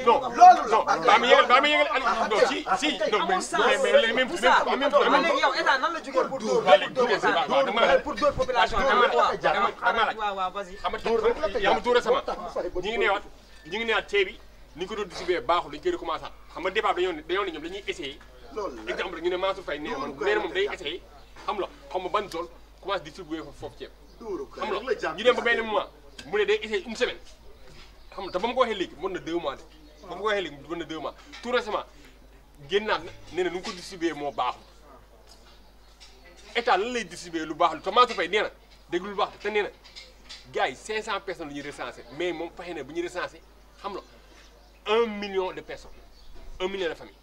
dóor loolu la man man si si. non mais mais même même yaa ma ni ñu ko baaxul dañu koy recommencé at xam nga débat dañoo ne ñoom dañuy essayé exemple ñu ne Mansour Faye na ban zone commencé distribué foofu ceeb xam nga ñu dem ba benn moment mu ne day essayé une semaine xam nga te ba mu ko waxee léegi mën na mois de ba mu ko waxee léegi mën na deux mois tout récemment génnaat na nee na nu ko distribué moo baaxul état lan lay lu baax lu te Mansour Faye nee na lu baax te nee na gars yi cinq cent personnes la ñuy recensé mais moom fexe na bu ñu recensé xam nga un million de personnes un million de familles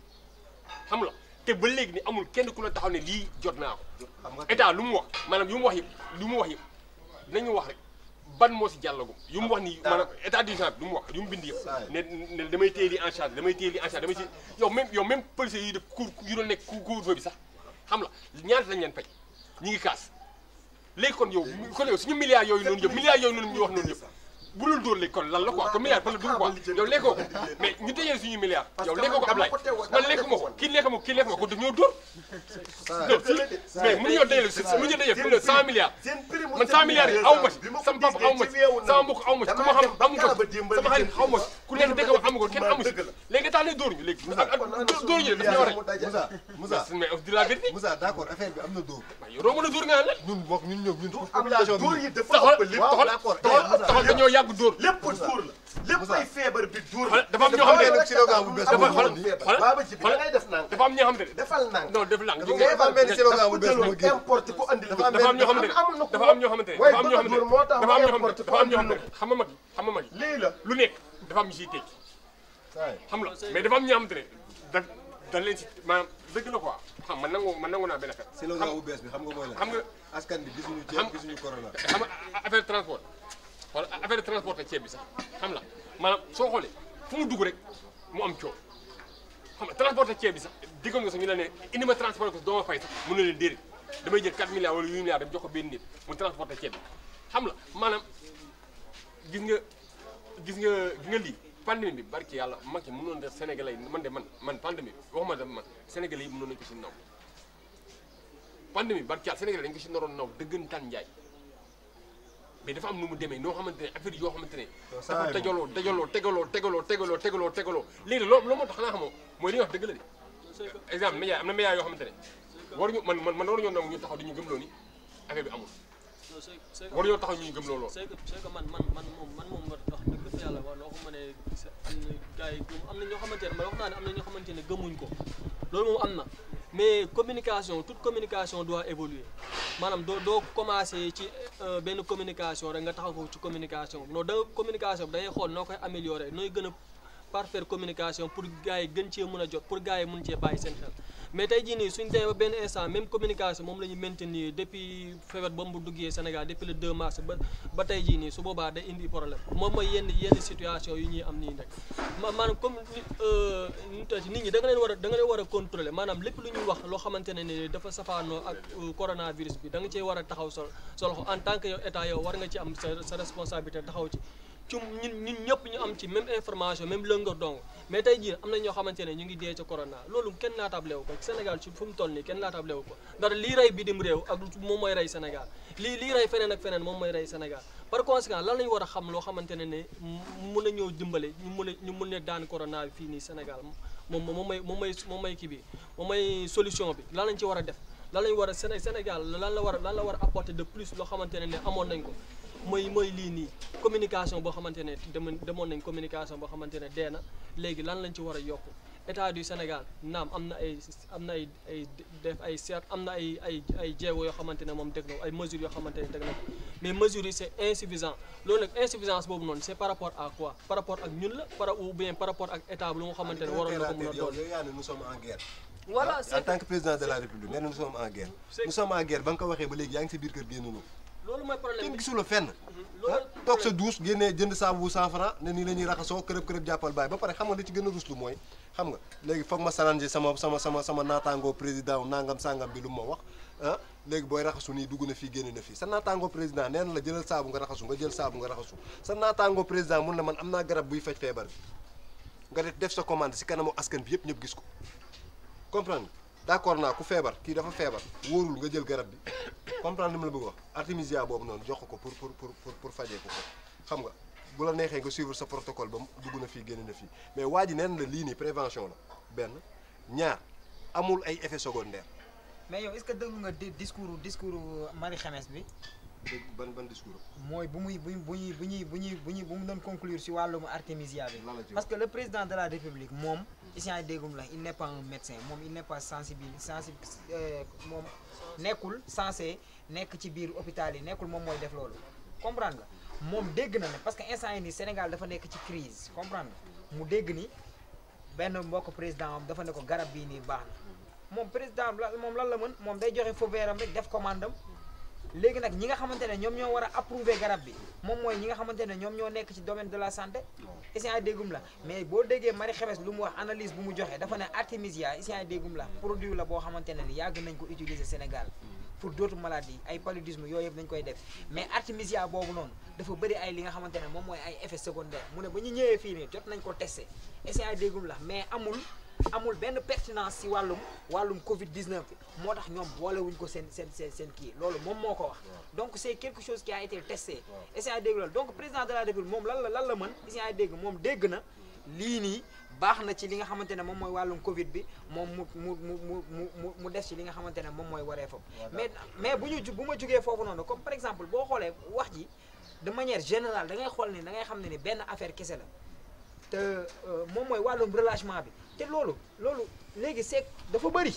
xam nga te ba léegi ni amul kenn ku la taxaw ne lii jot naa ko état lu mu wax maanaam yu mu wax yëpp dinañu wax rek ban moo si jàllagum. yu mu wax ni ah, maanaam état d'urgence bi lu mu wax yu mu bind yëpp. ne ne damay téye lii en charge damay téye lii damay si yow même yow même policiers yi def cour yu doon nekk couvre-feu bi sax xam la ñaata lañ leen fay ñu ngi kaas léegi kon yow kon yow suñu milliards yooyu noonu yëpp milliards yooyu noonu ñu wax noonu yëpp bu dul dóor léegi kon lan la quoi kon milliard fan la dugg quoi yow lekkoo ko mais ñu tëjee suñu milliard yow lekkoo ko Ablaye man lekk ma ko kii lekk ma ko kii lekk ma ko daf ñoo dóor non si mais mënuñoo dajale mënuñoo dajale pour le cent milliards man cent milliards yi aw ma ci sama papa aw ma ci sama mbokk aw ma ci ku ma xam amu ko sama xarit aw ma ci ku nekk dëkk ma amu ko kenn amu ci léegi tax na dóor ñu léegi ak dóor ñu daf ñoo rek Moussa Moussa mais di la vérité Moussa d'accord affaire bi am na dóor yow doo mën a dóor nga la ñun bokk ñun ñëw ñun population bi taxol taxol taxol dañoo yàgg yàgg dóor lépp dóor la lépp ay feebar bi dóor la dafa am ñoo xam ne slogan bu bees baba ji bi da ngay def nang dafa am ñoo xam ne defal nang non def nang dafa am benn slogan bu bees bu génn importe ku andi dafa am ñoo xam ne dafa am ñoo xam ne dafa am ñoo xam ne dafa am ñoo xam ne dafa am ñoo xam ne xam nga mag yi xam nga mag yi lii la lu nekk dafa am ñu siy tekki xam la mais dafa am ñoo xam ne da da leen si maanaam dëgg la quoi xam man nangu man nangu naa benn affaire slogan bu bees bi xam nga mooy la xam nga askan bi gisuñu ceeb gisuñu corona xam nga affaire transport wala affaire de transporter ceeb bi sax xam la maanaam soo xoolee fu mu dugg rek mu am coow xam nga transporter ceeb bi sax diggoon nga sax ñu la ne indi ma a ko doo ma fay sax mën na leen déedéet damay jël 4 milliards wala 8 milliards dem jox ko benn nit mu transporter ceeb bi xam la maanaam gis nga gis nga gis nga lii pandémie bi barki yàlla Macky mënoon def Sénégalais yi man de man man pandémie bi waxuma dama man Sénégalais yi mënoon nañu ko naw pandémie bi barki yàlla Sénégalais dañu ko si naroon naw dëggantaan njaay mais dafa am nu mu demee noo xamante ne affaire yoo xamante ne. dafa dajaloo dajaloo tegaloo tegaloo tegaloo tegaloo loo léegi loo loo moo tax naa xamoo mooy li ñuy wax dëgg la de. exemple média am na média yoo xamante ne waruñu man man man waruñoo nangu ñu taxaw di ñu gëmloo ni affaire bi man man loo ko am na gars yi gëm ñoo xamante ne man wax am na xamante ne gëmuñ ko loolu moom am na mais communication toute communication doit évoluer maanaam doo doo commencé ci euh, benn communication rek nga taxaw foofu ci communication noo non communication bi da ngay xool noo koy améliorer nooy gën a parfaire communication pour gars yi gën cee mën a jot pour gars yi mën cee bàyyi seen xel. mais tey jii nii suñ demee ba benn instant même communication moom la ñu maintenir depuis février ba mu duggee Sénégal depuis le 2 ba ba tey jii nii su boobaa day indi problème moom mooy yenn yenn situation yi ñuy am nii rek ma maanaam comme euh, nit ñi danga nga leen war a da nga leen war a contrôler maanaam lépp lu ñuy wax loo xamante ne ni dafa safaanoo ak euh, coronavirus bi danga cee war a taxaw sa solo loxo en tant que yow état yow war nga ci am sa sa responsabilité taxaw ci ci ñun ñun ñëpp ñu am ci même information même lënga dong mais tey jii am na ñoo xamante ne ñu ngi dee ca corona loolu kenn naataablewul ko Sénégal ci fu mu toll nii kenn naataablewul ko ndax lii rey bitim réew ak mooy rey Sénégal lii lii rey feneen ak feneen moom mooy rey Sénégal par conséquent lan lañu war a xam loo xamante ne ne mun na ñëw dimbale ñu mun a ñu mun ne daan corona fii nii Sénégal moom moom mooy moom mooy moom mooy kii bi moom mooy solution bi lan lañ ci war a def lan lañ war a Sénégal lan la war lan la war a apporter de plus loo xamante ne ne amoon nañ ko mooy mooy lii nii communication boo xamante ne demoon nañ communication boo xamante ne dee na léegi lan lañ ci war a yokk état du Sénégal naam am na ay am na ay ay def ay seet am na ay ay yoo xamante moom teg na ay mesures yoo xamante ne teg mais mesures yi c'est insuffisant loolu nag insuffisance boobu noonu c'est par rapport à quoi par rapport ak ñun la par ou bien par rapport ak état bi lu nga xamante ne a doon yow ne nous en guerre voilà en tant loolu mooy problème kenn fenn. Mhm. toog sa duus génnee jënd saabu cent franc ne nii la ñuy raxasoo kërëb kërëb jàppal bàyyi ba pare xam nga li ci gën a ruslu mooy xam nga léegi foog ma salange sama sama sama sama naataangoo président nangam sangam bi lu ma wax ah léegi booy raxasu nii dugg na fii génn na fii sa naataangoo président nee la jëlal saabu nga raxasu nga jël saabu nga raxasu sa naataangoo président mun na man am naa garab buy faj feebar bi nga def def sa commande si kanamu askan bi yëpp ñëpp gis ko comprendre d'accord naa ku feebar kii dafa feebar wóorul nga jël garab bi comprendre li ma la bëgg wax artemisia boobu noonu jox ko ko pour pour pour pour faje ko xam nga bu la neexee nga suivre sa protocole ba dugg na fii génn na fii mais waa ji neen la lii ni prévention la benn ñaar amul ay effets secondaires. mais yow est-ce que déglu nga discours discours Marie Xemes bi. ban ban discours mooy bu muy bu ñuy bu ñuy bu ñuy bu ñuy bu mu doon conclure si wàllum artémisia bi parce que le président de la république moom isient déggum la il n'est pas un médecin moom il n'est pas sensible sensible euh, moom nekkul censé nekk ci biir hôpital yi nekkul moom mooy def loolu comprendre nga moom dégg na ne parce que instant yi nii Sénégal dafa nekk ci crise comprendre mu dégg ni benn mbokk président am dafa ne ko garab bii nii baax na moom président moom lan la mën moom day joxe léegi nag ñi nga xamante ne ñoom ñoo war a approuver garab bi moom mooy ñi nga xamante ne ñoom ñoo nekk ci domaine de la santé isient déggum la mais boo déggee Marie Xemes lu mu wax analyse bu mu joxe dafa ne artemisia isient déggum la la boo xamante ne ni yàgg nañ ko utiliser Sénégal pour d'autres maladies ay paludisme yooyu yëpp dañ koy def mais artemisia boobu noonu dafa bëri ay li nga xamante ne moom mooy ay effets secondaires mu ne ba ñu ñëwee fii nii jot nañ ko testé isient déggum la mais amul amul benn pertinence ci wàllum wàllum Covid 19 bi moo tax ñoom boolewuñ ko seen seen seen seen kii loolu moom moo ko wax. donc c' est quelque chose qui a été testé. et c' est dégg loolu donc président de la République moom lan la lan la mën si à dégg moom dégg na lii nii. baax na ci li nga xamante ne moom mooy wàllum Covid bi moom mu mu mu mu mu mu def ci li nga xamante ne moom mooy wareefam. mais mais bu ñu bu ma jugee foofu noonu comme par exemple boo xoolee wax ji de manière générale da ngay xam ne ni benn affaire kese la te euh, moom mooy wàllum relâchement bi. te loolu loolu léegi c'est dafa bëri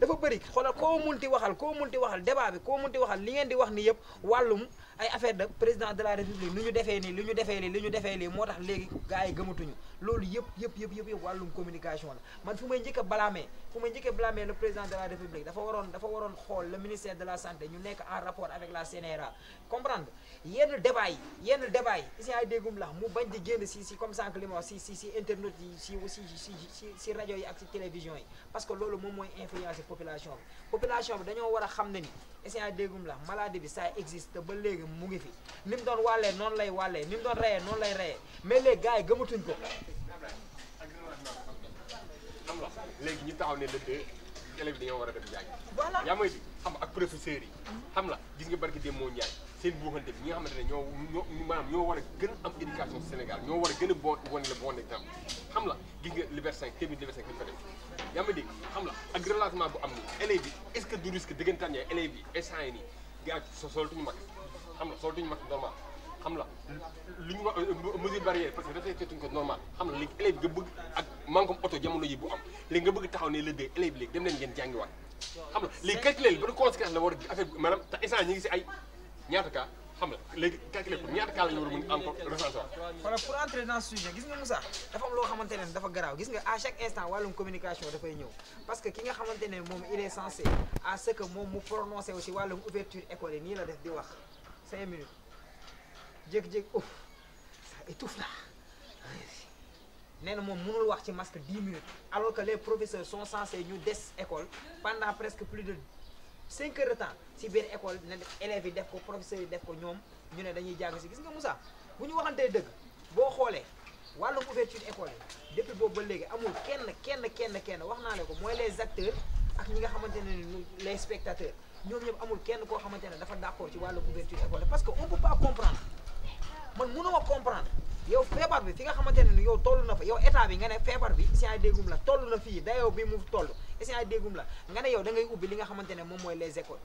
dafa bëri xoolal koo mun munti waxal koo mun munti waxal débat bi koo munti waxal li ngeen di wax ni yëpp wàllum ay affaire de président de la république ñu defee nii lu ñu defee nii lu ñu defee nii moo tax léegi gars yi gëmatuñu loolu yëpp yëpp yëpp yëpp yëpp wàllum communication la man fu may njëkk a balaamee fu may njëkk a balaamee président de la république dafa waroon dafa waroon xool le ministère de la santé ñu nekk en rapport avec la CNRA comprendre yenn débat yi yenn débat yi si ay déggum la mu bañ di génn si si comme sànq li ma wax si si si internet yi si si si rajo yi ak si télévision yi parce que loolu moom mooy influencer population bi population bi dañoo war a xam ne ni essayé déggum la maladie bi ça existe ba léegi mu ngi fi ni doon wàllee noonu lay wàllee ni mu doon reyee noonu lay reyee gars yi gëmatuñ ko léegi ñu taxaw ne le deux élèves dañoo war a dem njàng yaa may bi xam nga ak professeurs yi xam la gis nga barki démb moo njaay seen buuxante bi nga xamante ne ñoo ñoo maanaam ñoo war a gën am éducation Sénégal ñoo war a gën a bon wane le bon exemple xam la gis nga Liberté 5 tamit Liberté 5 li fa def yaa may dégg xam la ak relâchement bu am nii élèves yi est-ce que du risque dëggantaan ya élèves yi instant yi nii gars yi soltuñu mag xam la soltuñu mag normal xam la lu ñu wax euh, mesure barrière parce que respectuñ ko normal xam la léegi élève bëgg ak manquam oto jamono yi bu am léegi nga bëgg taxaw ni le deux élève bi léegi dem leen ngeen jàngiwaat xam la léegi calculer ba conséquence la war a affaire bi la léegi calculer ko ñaata a mën encore recensoir voilà pour dafa am xamante ne dafa garaaw gis nga à chaque instant wàllum communication dafay ñëw parce que ki nga xamante ne moom il est censé a ce que moom mu prononcé aussi wàllum ouverture école yi nii la def di wax jékki-jékki ouf ça étouffe là nee na moom mënul wax ci masque dix minutes alors que les professeurs son sancé ñu des école pendant presque plus de cinq heures de si biir école ne élèves yi def ko professeurs yi def ko ñoom ñu ne dañuy jàng si gis nga Moussa bu ñu waxantee dëgg boo xoolee wàllum ouverture école yi depuis boobu ba léegi amul kenn kenn kenn kenn wax naa ne ko mooy les acteurs ak ñi nga xamante ne ni les spectateurs ñoom ñëpp amul kenn koo xamante ne dafa d'accord ci wàllum ouverture parce que on peut man mënuma comprendre yow feebar bi fi nga xamante ne ni yow toll na fa yow état bi nga ne feebar bi isient déggum la toll na fii dayoo bi mu toll isient déggum la nga ne yow da ngay ubbi li nga xamante ne moom mooy les écoles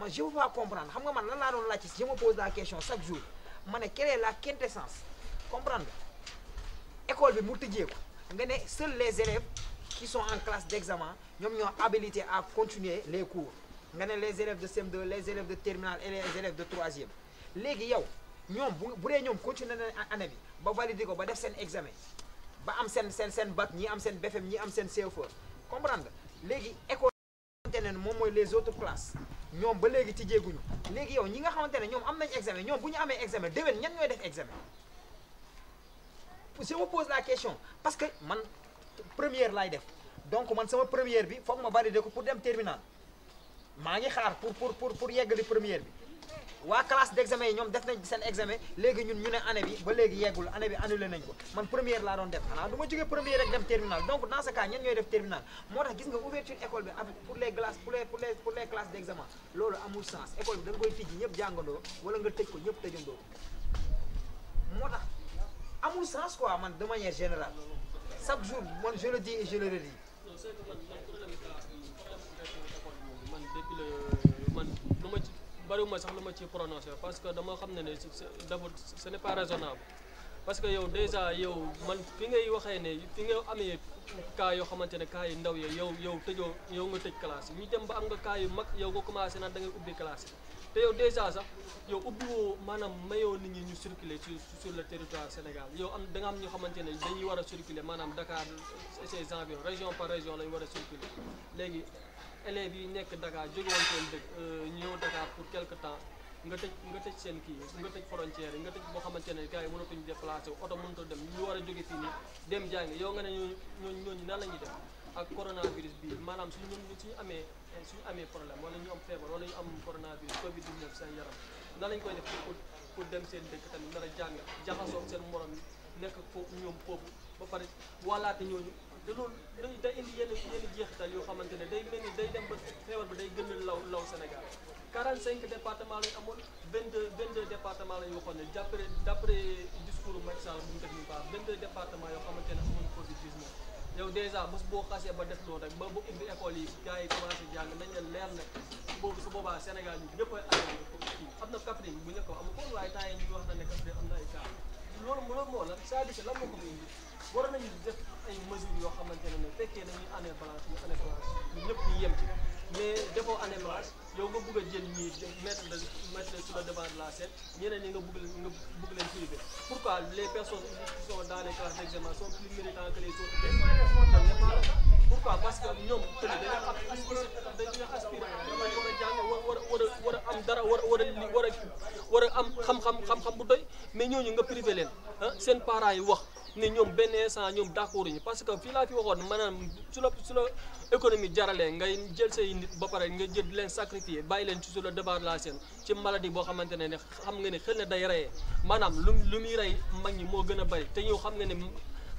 man je veux pas comprendre xam nga man lan laa doon laaj je me pose la question chaque jour ma ne quelle est la quintessence comprendre école bi mu tëjee ko nga ne seuls les élèves qui sont en classe d'examen ñoom ñoo habilité à continuer les cours nga ne les élèves de cm les élèves de terminale et les élèves de troisième léegi yow ñoom bu bu dee ñoom continué nañ année bi ba validé ko ba def seen examen ba am seen seen seen bac ñi am seen BFM ñi am seen CFEE comprendre nga léegi école xamante moom mooy les autres classes ñoom ba léegi ci jéeguñu léegi yow ñi nga xamante ne ñoom am nañ examen ñoom bu ñu amee examen déwén ñan ñooy def examen je me pose la question parce que man première laay def donc man sama première bi foog ma validé ko pour dem terminal maa ngi xaar pour pour pour pour yeggali première bi waa classe d' examen yi ñoom def nañ seen examen léegi ñun ñu ne année bi ba léegi yeggul année bi annulé nañ ko man première laa doon def xanaa du ma jógee première rek dem terminal donc dans ce cas ñen ñooy def terminal moo tax gis nga ouverture école bi avec pour les classes pour les pour les pour les loolu amul sens école bi da koy tijji ñëpp jàngandoo wala nga tëj ko ñëpp tëjandoo moo tax amul sens quoi man de manière générale chaque jour man je le dis et je le redis. bariwuma sax lu ma ci prononcé parce que dama xam ne ne dafa ce n'est pas raisonnable parce que yow déjà yow man fi ngay waxee ne fi nga amee cas yoo xamante ne cas yu ndaw ya yow yow tëjoo yow nga tëj classe yi ñu ba am nga cas yu mag yow nga commencé naan da ngay ubbi classe yi te sax yow ubbi woo maanaam mayoo nit ñi ñu circuler ci sur le territoire Sénégal yow am da am ñoo xamante ne dañuy war a circuler maanaam Dakar ses environs région par région lañu war a circuler léegi élèves yi nekk Dakar jóge woon seen dëkk euh, ñëw Dakar pour quelque temps nga tëj nga tëj seen kii nga tëj frontière nga tëj boo xamante ne gars yi mënatuñ déplacé wu oto mënut a dem ñu war a jóge fii nii dem yow nga ne ñooñu ñooñu ñooñu nan la ñuy def ak coronavirus bi maanaam suñu ñun suñu amee suñu amee problème wala ñu am feebar wala ñu am coronavirus covid 19 seen yaram nan lañ koy def pour pour dem seen dëkk tamit nar a jàng jaxasoo seen morom yi nekk foofu ñoom foofu ba pare walaate ñooñu da loolu da indi yenn yenn yoo xamante ne day mel ni day dem ba feebar bi day gën a law law Sénégal 45 département lañ amoon 22 22 département la ñu waxoon ne d'après d'après discours Macky Sall bu mu def nii baax 22 département yoo xamante ne amoon Covid yow dèjà bés boo xasee ba def loolu rek ba bu ubbi école yi gars yi commencé jàng nañ leen leer na boobu su boobaa Sénégal ñun ñëpp ay ànd ak kii am na Kaffrine bu njëkk a amu ko waaye temps yii ñu wax na ne Kaffrine am na ay cas. loolu loolu moo la c'est-à-dire lan moo ko fi indi war nañu def ay mesures yoo xamante ne fekkee dañuy année blanche ñu année blanche ñu ñëpp ñu yem ci mais defoo yow nga bugg jën jël ñii mettre de mettre sur le devant de la scène ñeneen ñi nga bugg nga bugg leen privé pourquoi les personnes qui sont dans les classes d'examen sont plus méritantes que les autres quoi parce que ñoom tënk xam dañoo aspiré dafa war a jàng war a war a am dara war a war a war a war am xam-xam bu doy mais ñooñu nga privé leen ah seen parents yi wax ne ñoom benn instant ñoom d'accord ñu parce que fii laa fi waxoon maanaam su la su la jaralee ngay jël say nit ba pare nga jël leen sacrifier bàyyi leen ci su la la seen ci maladie boo xamante ne ne xam nga ne xëy na day reyee maanaam lu lu muy rey mag ñi moo gën a bari te ñu xam nga ne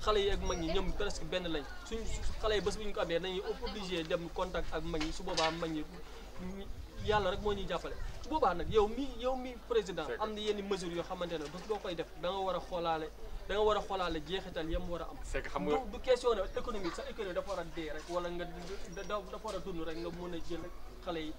xale yi ak mag ñi ñoom presque benn lañ su xale yi bés bu ñu ko amee nañuy obligé dem contact ak mag ñi su boobaa mag ñi yàlla rek moo ñuy jàppale su boobaa nag yow mi yow mi président am na yenn mesures yoo xamante ne bés boo koy def da war a xoolaale da nga war a xoolaale jeexital yam war a am. c'est que xam nga du question ne économie sa économie dafa war a dee rek wala nga dafa war a dund rek nga mën a jël xale yi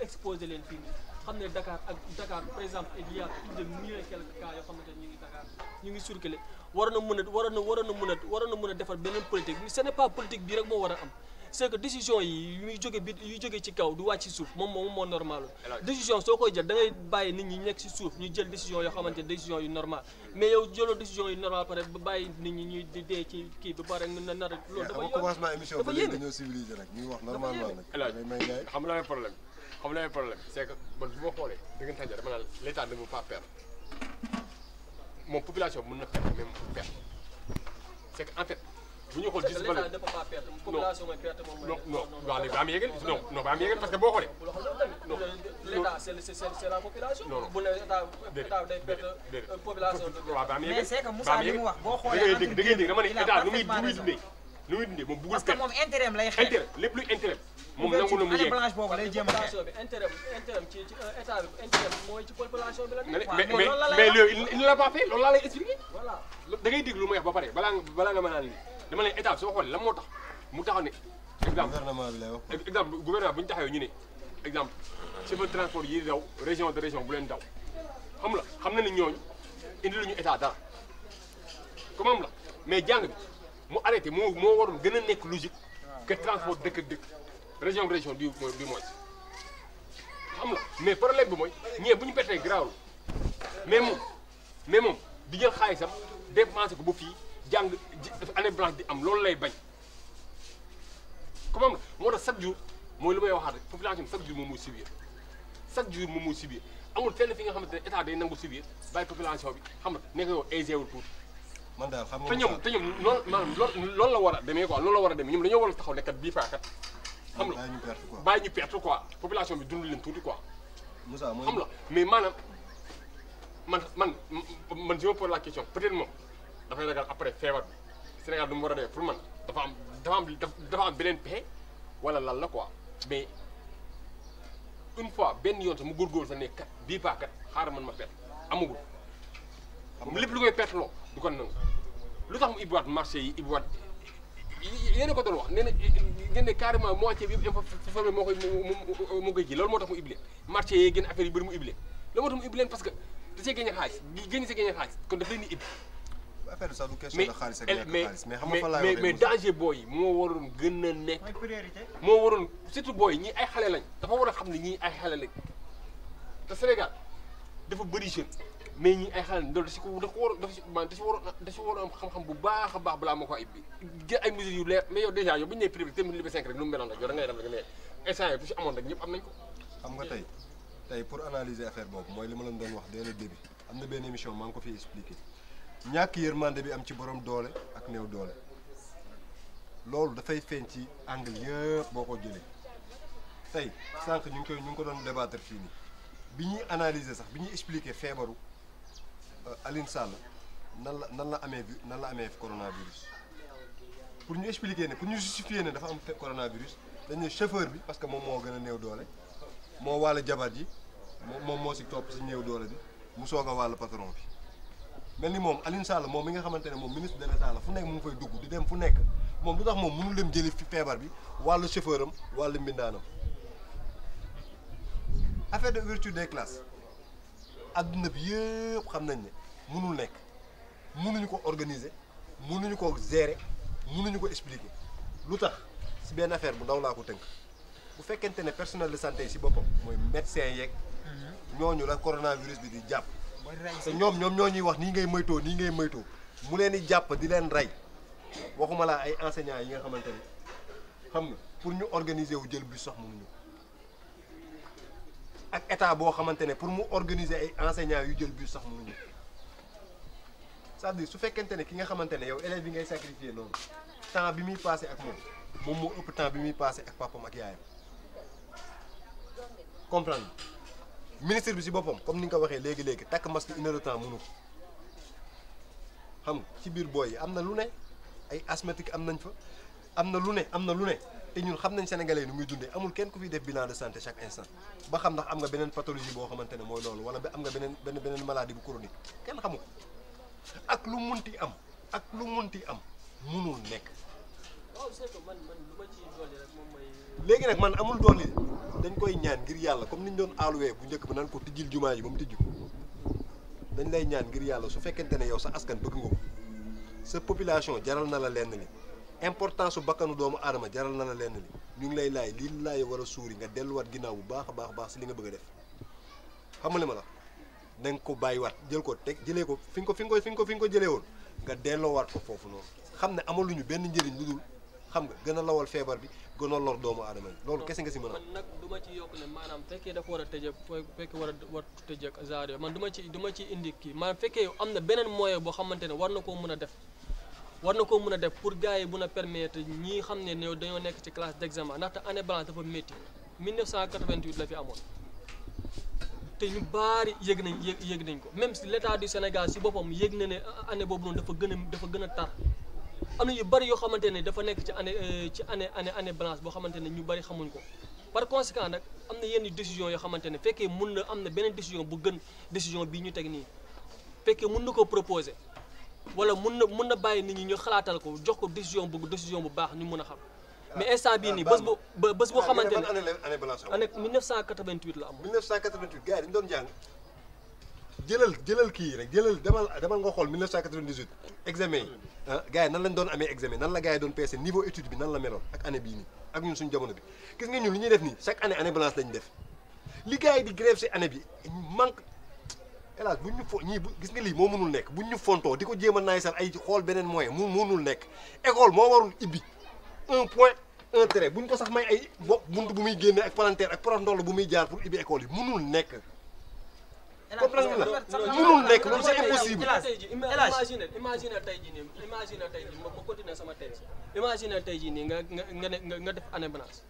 exposé leen fii nii xam ne dakaar ak Dakar par exemple il y a plus de mille et quelques cas yoo xamante ñu ngi Dakar ñu ngi circulé war na mën a war na war na mën a war na mën a defar beneen politique ce n'est pas politique bii rek moo war a am. c'est que décision yi yuy joge bi yuy jóge ci kaw di wàcc ci suuf moom moom moo normalul décision soo koy jël da ngay bàyyi nit ñi nekk ci suuf ñu jël décision yoo xamante ne décision yu normal mais yow jëloo décision yu normal pare ba bàyyi nit ñi ñuy di dee ci kii ba pare na nar loolu dafa commencement émission ba léegi dañoo civilisé nag ñuy wax normalement nag xam la problème xam la problème c'est que man bu ma xoolee diggante ja dama naan l'état ne veut pas perdre moom population mën na perdre mais mu perdre c'est que en fait bu ñu xool gis bële non non waaw léegi ba am yéegal non parce que boo xoolee. non l'état c'est c'est la population. que Moussa li mu wax boo xoolee. da ngay dégg da ngay dégg dama ne nu muy nu nu muy dundee moom bëggul perte moom intérêt lay xeex intérêt lépp luy moom nangu na mu yegg population bi intérêt intérêt ci ci euh, mais mais l'a lay expliquer. voilà da ngay dégg ba pare balaa nga balaa nga dama ne état soo xoolee lan moo tax mu taxaw ne. exemple gouvernement bi lay wax e- exemple bu ñu taxawee ñu ne exemple chauffeur transport yi daw région de région bu leen daw xam la xam na ne ñooñu indi lu ñu état dara comme am la mais jàng bi mu arrêté moo moo waroon gën a nekk logique que transport dëkk dëkk région région du du mooy xam la mais problème bi mooy ñee bu ñu bettee garaawul mais moom mais moom di jël xaalisam dépensé ko ba fii jàng ji année blanche di am loolu lay bañ comme am moo tax chaque jour mooy lu may waxaat rek population bi chaque jour moom muy subir chaque jour moom muy subir amul fenn fi nga xamante ne état day nangu subir bàyyi population bi xam nga nekk yow aisé wul man daal xam nga te ñoom te ñoom noonu maanaam loolu la war a demee quoi loolu la war a demee ñoom dañoo war a taxaw ne kat bii faa kat. xam nga bàyyi ñu perte quoi bàyyi ñu perte leen tuuti quoi. Moussa mooy xam nga mais maanaam man man man je me la question peut-être moom. dafa ragal après feebar bi Sénégal du mu war a def pour man dafa am dafa am dafa beneen pexe wala lan la quoi mais une fois benn yoon sax mu góorgóorlu sax ne kat bii paa kat xaaral man ma perte amagul. amagul lépp lu koy perte loo du ko nangu lu tax mu ibbiwaat marché yi ibbiwaat yéen a ko doon wax nee na ngeen ne carrément moitié bi informé moo koy moo koy ji loolu moo tax mu ibbi marché yi gën affaire yi bëri mu ibbi loolu moo tax mu ibbi parce que da see gën a xaalis gën see gën a xaalis kon daf leen di affaire sax du question la xaalis ak ñàkk xaalis mais xam nga mais danger booy yi moo waroon gën a nekk. moo waroon surtout booy ñii ay xale lañ. dafa war a xam ne ñii ay xale lañ te Sénégal dafa bëri jeune mais ñii ay xale loolu da si ko war a xam-xam bu baax a baax balaa moo ko ay bi jël ay mesures yu leer mais yow déjà yow bu ñu nee priorité mu libé 5 rek nu mu meloon rek yow da ngay dem rek ne instant yii bu si amoon rek ñëpp am nañ ko. xam nga tey tey pour analyser affaire boobu mooy li ma leen doon wax dès le début am na benn émission maa ngi ko ñàkk yërmande bi am ci borom doole ak néew doole loolu dafay feeñ ci angle yëpp boo ko jëlee tey sànq ñu ngi koy ñu ngi ko doon débattre fii nii bi ñuy analyser sax bi ñuy expliquer feebaru euh, Aline Sall nan la nan la amee nan la amee coronavirus pour ñu expliquer ne pour ñu justifier ne dafa am coronavirus dañu chauffeur bi parce que moom moo gën a néew doole moo wàll jabar ji moom moo si topp si néew doole bi mu soog a wàll patron bi. mel ni moom Alioune Sall moom mi nga xamante ne moom ministre de l'État la fu nekk mu ngi fay dugg di dem fu nekk moom lu tax moom mënul dem jëli feebar bi wàllu chauffeur am wàllu mbindaanam affaire de ouverture des classes àdduna bi yëpp xam nañ ne mënul nekk mënuñu ko organiser mënuñu ko gérer mënuñu ko expliquer lu tax si benn affaire bu ndaw laa ko tënk bu fekkente ne personnel de santé yi si boppam mooy médecin yeeg mhm. ñooñu la coronavirus bi di jàpp te ñoom ñoom ñoo ñuy wax ni ngay moytoo ni ngay moytoo mu leen di jàpp di leen rey waxuma laa ay enseignants yi nga xamante ni xam nga pour ñu organiser wu jël bus sax mënuñu ak état boo xamante ne pour mu organiser ay enseignants yu jël bus sax mënuñu c'est-à-dire su fekkente ne ki nga xamante ne yow élève bi ngay sacrifier noonu temps bi muy passé ak moom moom moo ëpp temps bi muy passé ak papam ak yaayam comprendre ministre bi si boppam comme ni nga ko waxee léegi léegi takk masque une de temps mënu xam nga ci biir booy yi am na lu ne ay asthmatique am nañ fa am na lu ne am na lu ne te ñun xam nañ sénégalais yi nu muy dundee amul kenn ku fi def bilan de santé chaque instant ba xam ndax am nga beneen pathologie boo xamante ne mooy loolu wala am nga beneen benn beneen maladie bu chronique kenn xamu ko ak lu munti am ak lu munti am munul nekk. léegi nag man amul li dañ koy ñaan ngir yàlla comme ni ñu doon aaluwee bu njëkk ba naan ko tijjil jumaa ji ba mu tijju dañ lay ñaan ngir yàlla su fekkente ne yow sa askan bëgg nga ko sa population jaral na la lenn li importance su bakkanu doomu aadama jaral na la lenn li ñu ngi lay laay lii laay war a suuri nga delluwaat ginnaaw bu baax a baax baax si li nga bëgg a def xam nga ma la da nga ko bàyyiwaat jël ko teg jëlee ko fi ñu ko fi nga ko fi nga ko jëlee woon nga delloowaat ko foofu noonu xam ne amaluñu benn njëriñ lu xam nga gën a lawal feebar bi gën a lor doomu aadama yi loolu kese nga si mën nag du ma ci yokk ne maanaam fekkee dafa war a tëjee fekkee war a war tëjee ak genre yooyu man du ma ci ci indi kii maanaam fekkee am na beneen moyen boo xamante ne war na koo mën a def war na ko mën a def pour gars yi mën a permettre ñi xam ne ne dañoo nekk ci classe d'examen ndaxte année blanche dafa métti 1988 la fi amoon te ñu baari yëg nañ yëg yëg nañ ko même si l'état du si boppam yëg na ne année boobu noonu dafa gën a dafa gën a tar am na yu bëri yoo xamante ne dafa nekk ci année euh, ci année année année blanche boo xamante ne ñu bëri xamuñ ko par conséquent nag am na yenn décision yoo xamante fekkee mun na am na beneen décision bu gën décision bii ñu teg nii fekkee mun na ko proposer wala mun na mun na bàyyi nit ñi ñu xalaatal ko jox ko décision bu décision bu baax ñu mun a xam mais instant bii nii ah, bés bu bés ah, boo xamante ne année 1988 la am 1988 gars yi dañu jëlal jëlal kii rek jëlal demal demal nga xool 1998 examen yi ah yi nan lañ doon amee examen nan la gars yi doon peese niveau étude bi nan la meloon ak année bii nii ak ñun suñu jamono bi gis nga ñun li ñuy def nii chaque année année blanche lañ def li gars yi di grève si année bi manque hélas buñ ñu fo ñii bu gis nga lii moo mënul nekk buñ ñu fontoo di ko jéem a naay sal ay xool beneen moyen mu mënul nekk ecole moo warul ibbi un point un bu buñ ko sax may ay bopp bunt bu muy génne ak palanteer ak porof ndoll bu muy jaar pour ibbi école yi nekk problème la mënul nekk loolu c'est impossible. imagine imagine tey jii nii imagine tey jii ma continuer sama thèse imagine tey jii nii nga nga nga nga def année blanche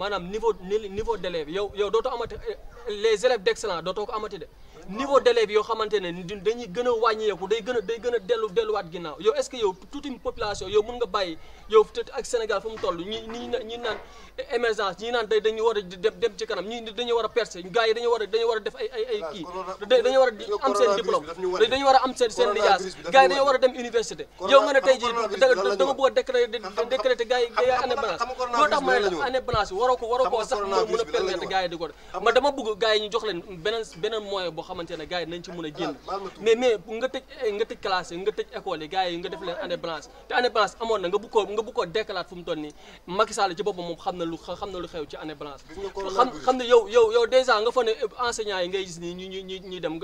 maanaam niveau niveau d'élèves yow yow dootoo amati eh, les élèves d'excellence dootoo ko amati de. niveau d'élèves yoo xamante ne dañuy gën wàññeeku day gën dellu delluwaat ginnaaw yow est yow toute une population yow mun nga bàyyi yow te ak Sénégal fu mu toll ñi naan émergence ñi naan dañu war a dem ci kanam ñi dañu war a percer gars dañu war def ay ay kii dañu war a am yow nga ne tey jii da nga bëgg a décréter décréter gars yi gars tax ma ne la année blanche waroo ko sax mën a permettre gars yi di ko def ma dama bëgg gars yi jox leen xamante ne gars yi a ah, génn mais mais nga tëj eh, nga tëj classe nga tëj école yi gars nga def leen année blanche te année blanche amoon na nga bu ko nga bu nii Macky ci boppam moom xam na lu xew ci année blanche xam xam ne yow yow yow dèjà nga fa ne yi ngay gis nii ñuy dem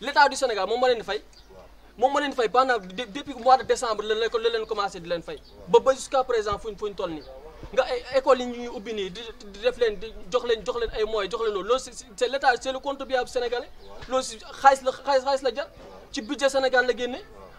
l' du Sénégal moom moo leen fay moom moo leen fay pendant depuis mois de décembre la leen commencé di leen fay ba ba jusqu'à présent fuñ fuñ nga ay e, école yi ñuy ubbi nii di def leen di jox leen jox leen ay moyens jox leen loolu loolu c' est l' état c' est le contribuable loolu si xaalis la xaalis xaalis la jar ci budget Sénégal la génne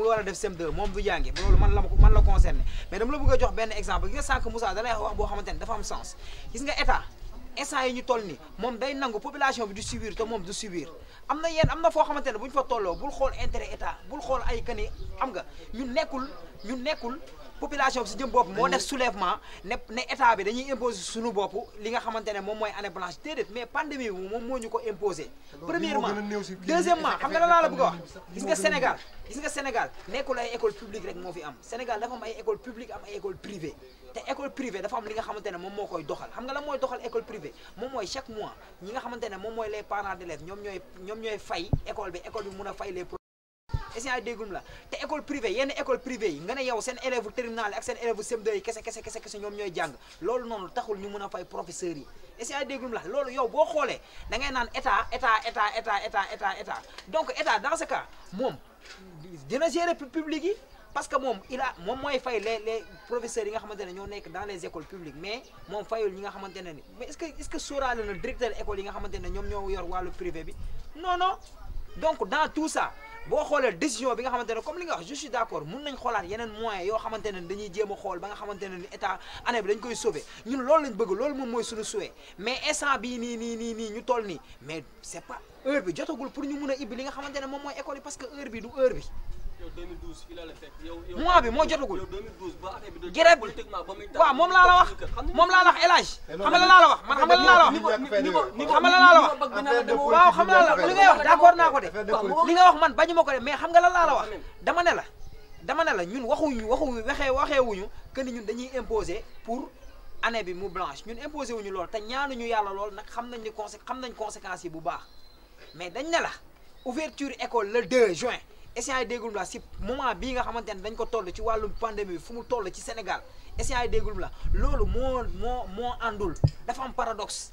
mu war a def CM2 moom du jàngi loolu man la man la concerné mais dama la bëgg a jox benn exemple gis nga sànq Moussa da lay wax boo xamante dafa am sens gis nga état instant yi ñu toll ni moom day nangu population bi du subir te moom du subir am na yéen am na foo xamante ne bu ñu fa tolloo bul xool intérêt état bul xool ay kani am nga ñu nekkul ñu nekkul population bi si jëm bopp moo def soulèvement ne ne bi dañuy imposer suñu bopp li nga xamante moom mooy année blanche déedéet mais pandémie bi moom moo ñu ko imposer premièrement deuxièmement xam nga la laa la bëgg a wax gis nga Sénégal gis nga Sénégal nekkul ay école publique rek moo fi am Sénégal dafa am ay école publique am ay école privée te école privée dafa am li nga xamante moom moo koy doxal xam nga la mooy doxal école privée moom mooy chaque mois ñi nga xamante est-ce que déggum la te école privée yenn école privée yi nga ne yow seen élève u terminale ak seen élève u yi kese kese kese ñoom ñooy jàng loolu noonu taxul ñu mën a fay professeurs yi est-ce que la loolu yow boo xoolee da ngay naan état état état état état état état donc état dans ce cas moom dina gérer public yi parce que moom il moom mooy fay les les professeurs yi nga xamante ne ñoo nekk dans les écoles publiques mais moom fayul ñi nga xamante ne ni mais est-ce ne ñoom ñoo yor wàllu privé bi donc dans tout ça boo xoolee décision bi nga xamante ne comme li nga wax je suis d' accord mun nañ xoolaat yeneen moyens yoo xamante ne dañuy jéem a xool ba nga xamante ne ni état année bi dañ koy sauver ñun loolu lañ bëgg moom mooy suñu souhait mais instant bii nii nii nii nii ñu toll nii mais c' est pas heure bi jotagul ñu mun a ibbi li nga xamante ne moom mooy école yi parce que heure bi du heure bi mois bi moo jotagul grève bi waaw moom laa la wax moom laa la wax xam nga la eh, la wax man xam nga la laa la wax xam waaw xam nga la la la wax dama ne la dama ne la ñun waxuñu waxuñu waxee waxeewuñu dañuy imposer pour année bi mu blanche ñun imposer wuñu lool te ñaanuñu yàlla lool nag xam nañ ni conse xam nañ conséquences yi bu baax mais dañ ne la ouverture école le 2 juin essient yi déggulum la si moment bii nga xamante ne dañ ko toll ci wàllum pandémie bi fu mu toll ci Sénégal essient yi déggulum la loolu moo moo moo àndul dafa am paradoxe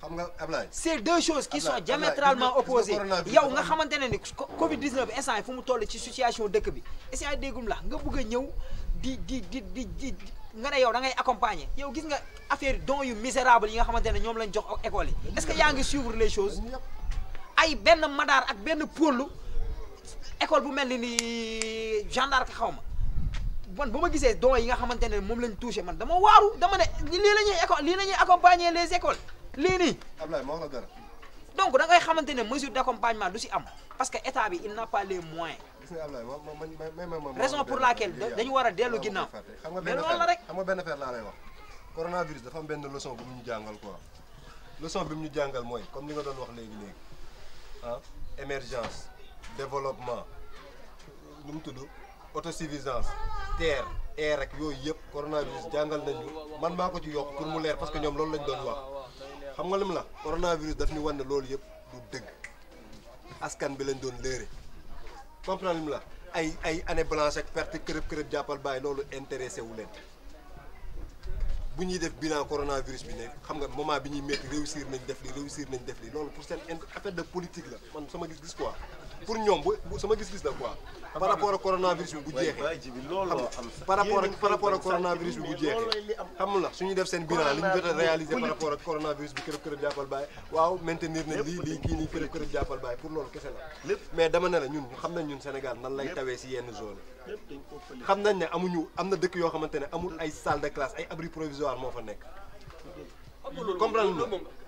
xam nga Ablaye c'est deux choses qui sont diamétralement opposées yow nga xamante ne ni Covid 19 instant yi fu mu toll ci situation dëkk bi essient yi déggulum la nga bëgg a ñëw di di di di di nga ne yow da ngay accompagner yow gis nga affaire dons yu misérable yi nga xamante ne ñoom lañ jox école yi est que yaa ngi suivre les choses ay benn madaar ak benn pollu école bu mel ni nii gendarme xaw ma bon bu ma gisee don yi nga xamante ne moom lañ touché man dama waaru dama ne lii la ñuy école lii la ñuy accompagner les écoles lii nii. Ablaye ma wax la dara. donc da ngay xamante ne mesure d' accompagnement du si am parce que état bi il n' a pas les moyens. gis nga Ablaye man raison pour laquelle dañu war a dellu ginnaaw. xam nga benn affaire rek xam nga benn affaire laa lay wax. coronavirus dafa am benn leçon bu mu ñu jàngal quoi leçon bi mu ñu jàngal mooy comme li nga doon wax léegi léegi ah développement nu mu tudd autosuffisance terre air ak yooyu yëpp coronavirus jàngal nañu man maa ko ci yokk pour mu leer parce que ñoom loolu lañu doon wax xam nga lim la coronavirus daf ñu wan ne loolu yëpp du dëgg askan bi lañ doon léere comprendre lim la ay ay année blanche ak perte kërëb kërëb jàppal bàyyi loolu intéressé wu leen bu ñuy def bilan coronavirus bi ne xam nga moment bi ñuy métti réussir nañ def li réussir nañ def li loolu pour seen affaire de politique la man sama gis-gis quoi pour ñoom bu sama gis-gis la quoi par rapport ak coronavirus bi bu jeexee par rapport ak par rapport ak coronavirus bi bu jeexee xam la suñu def seen bilan li ñu jot a réaliser par rapport ak coronavirus bi kërëb kërëb jàppal baay waaw maintenir na lii lii kii nii kërëb kërëb jàppal baay pour loolu kese la mais dama ne la ñun xam nañ ñun Sénégal nan lay tawee si yenn zone xam nañ ne amuñu am na dëkk yoo xamante ne amul ay salle de classe ay abri provisoire moo fa nekk la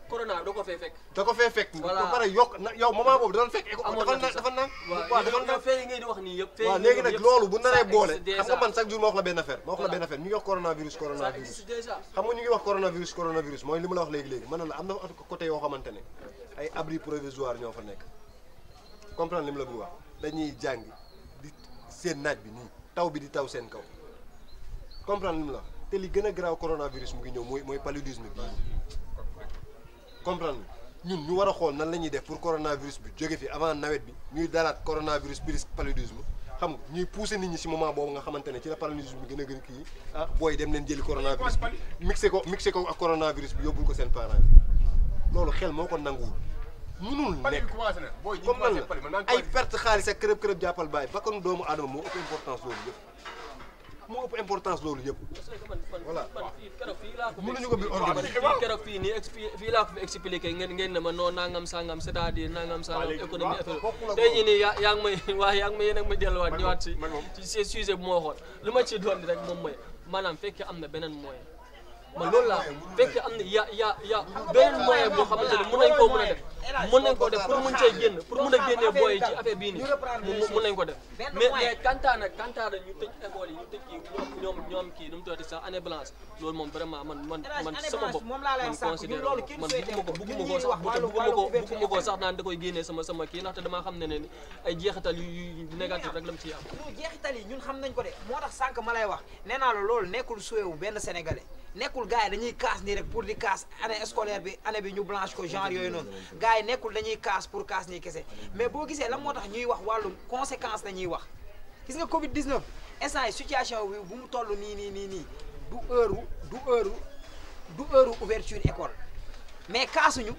corona da ko fee fekk. da ko fee fekk. voilà ba yokk na yow moment boobu da doon fekk. amoon na sax dafa naan waaw dafa naan fee yi ngay di wax nii yëpp. fee yi léegi nag loolu bu naree boole. xam nga man chaque jour ma wax la benn affaire ma wax la benn affaire ñu ngi wax coronavirus. coronavirus xam nga ñu ngi wax coronavirus coronavirus mooy li ma la wax léegi léegi ma ne la am na côté yoo xamante ay abri provisoire ñoo fa nekk comprendre li la bëgg wax dañuy jàng di seen naaj bi nii taw bi di taw seen kaw comprendre li mu la te li gën a garaaw coronavirus mu ngi ñëw mooy mooy paludisme bi comprendre ñun ñu war a xool nan la ñuy def pour coronavirus bi jóge fi avant nawet bi ñuy dalaat coronavirus bi paludisme xam nga ñuy pousser nit ñi si moment boobu nga xamante ne ci la paludisme bi gën a gën kii ah booy dem leen jëli coronavirus bi mixé ko mixé ko ak coronavirus bi yóbbul ko seen parents loolu xel moo ko nanguwul mënul nekk comme la ay perte xaalis ak kërëb kërëb jàppal bàyyi bakkanu doomu aadama moo ëpp importance loolu yëpp moo ëpp importance loolu yëpp. voilà mënuñu ko biir organisé. fi expliqué ngeen ne ma non na sangam c'est-à-dire nangam sangam économie affaire tey jii nii yaa ngi may waa yaa ngi may yéen a ngi may delluwaat ñëwaat si si sujet bu ma lu ma ci doon rek moom mooy maanaam fekk am na beneen moyen man loolu laa fekk am na ya ya ya xamante ne mën nañ koo mën a def mën nañ ko def pour mën cee génn pour mën a génnee booy ci affaire bii nii mën nañ ko def mais mais kantaan ak kii ñoom ñoom kii nu moom vraiment man man man sama bopp man considéré man bugguma ko bugguma ko sax bugguma ko bugguma ko sax naan da koy génnee sama sama kii ndaxte damaa xam ne ne ay jeexital yu négatif rek la ciy am jeexital yi ñun xam nañ ko de moo tax sànq ma lay wax nee naa la loolu nekkul suwewu benn sénégalais nekkul gars yi dañuy kaas nii rek pour di kaas année scolaire bi année bi ñu blanche ko genre yooyu noonu gars yi nekkul dañuy kaas pour kaas nii kese mais boo gisee lan moo tax ñuy wax wàllum conséquence la ñuy wax gis nga Covid 19 instant situation bi bu mu toll nii nii nii nii du heure du heure du heure ouverture école mais kaasuñu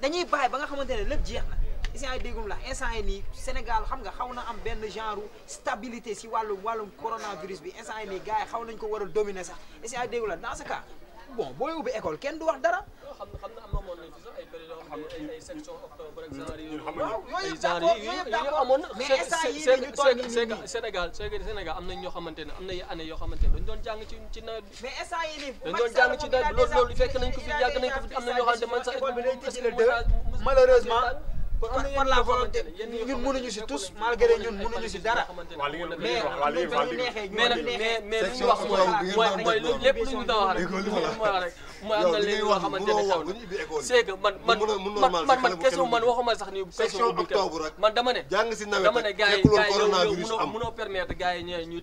dañuy bàyyi ba nga xamante ne lépp jeex na. instant yi déggum la instant yi nii Sénégal xam nga xaw na am benn genre stabilité si wàllu wàllum coronavirus bi instant yi nii gars yi xaw nañ ko war a dominer sax instant yi déggum la dans ce bon booy ubbi école kenn du wax dara. xam nga xam nga amoon nañ fi sax ay période yoo xam ne ay section octobre ak genre yooyu. waaw yooyu d'accord yooyu d'accord amoon mais instant yii nii ñu toll nii Sénégal Sénégal am nañ ñoo xamante ne am na année xamante ne dañ doon jàng ci ci doon jàng ci na ñoo xamante par la volonté ñun mënuñu si tous malgré ñun mënuñu si dara mais mais nag mais mais li ñu wax mooy mooy lépp lu ñu doon ñu man man man man question man waxuma sax ni question octobre rek man dama ne gars yi gars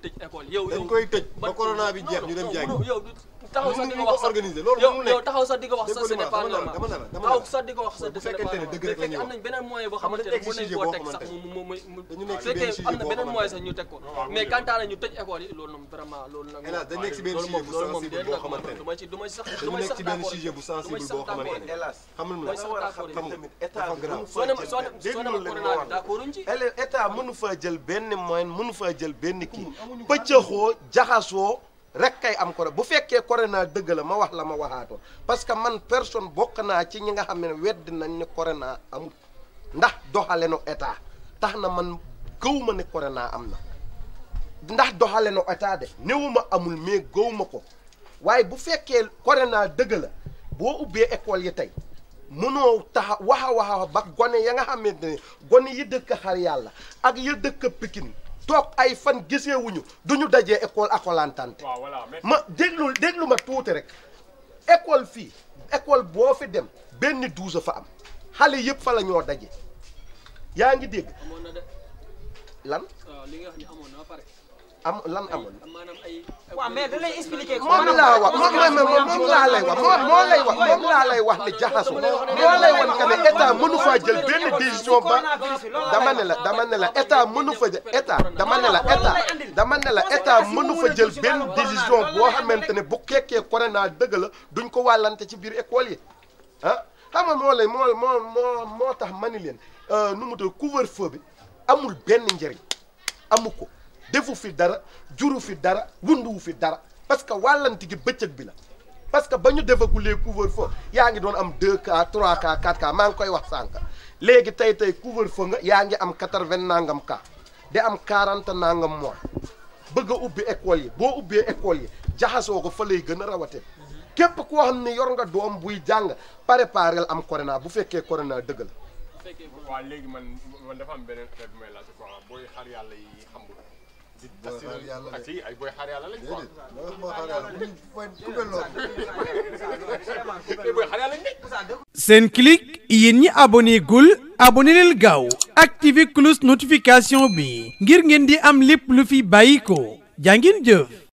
tëj école yow yow dañ koy tëj bi jeex ñu dem jàng taxaw sax di nga wax organiser loolu yow taxaw sax di nga ma ci du ma mënu faa jël benn moyen mënu faa jël benn kii pëccëxoo jaxasoo rek kay am corona bu fekkee corona dëgg la ma wax la ma waxaatoon parce que man personne bokk naa ci ñi nga xam ne wedd nañ ne corona amut ndax doxale doxalenu état tax na man gëw ma ne naa am na ndax doxalenu état de néewuma amul mais gëw ma ko waaye bu fekkee naa dëgg la boo ubbee école yi tey mënoo tax waxa waxa ba gone ya nga xamante ne gone yi dëkk xar yàlla ak ya dëkk Pikine toog ay fan giseewuñu du ñu dajee école akolantante ma déglul déglu ma tuuti rek école fii école boo fi dem benn douze fa am xale yëpp fa la ñoo daje yaa ngi dégg lan ah, li nga xam ne amoon na pare am lan amul. waaw mais da lay expliquer. moom laa wax moom laa lay wax moo lay wax moom laa lay wax ne jaxasu moo lay wan que ne état mënu faa jël benn décision ba dama ne la dama ne la état mënu fa état dama ne la état dama ne la état mënu fa jël benn décision boo xamante ne bu kekkee corona dëgg la duñ ko wàllante ci biir école yi ah xam moo lay moo moo moo moo tax mani leen euh, nu mu tudd couvre-feu bi amul benn njëriñ amu ko. defu fi dara juru fi dara wunduwu fi dara parce que wàllanti gi bëccëg bi la parce que ba ñu defagulee couvre-feu yaa ngi doon am 2 cas 3 cas 4 cas maa ngi koy wax sànq léegi tey tey couvre-feu nga yaa ngi am 80 nangam cas di am 40 nangam mois bëgg a ubbi école yi boo ubbee école yi jaxasoo ko fa lay gën a rawatee képp koo xam ne yor nga doom buy jàng préparel am corona bu fekkee corona dëgg la. léegi man man dafa am beneen xeet bu may xar yàlla yi. xaar yàlla de si ay booy xaar yàlla seen clic yéen ñi abonné gul abonné leen gaaw activé cloche notification bi ngir ngeen di am lépp lu fi bàyyi ko jaa ngeen jëf.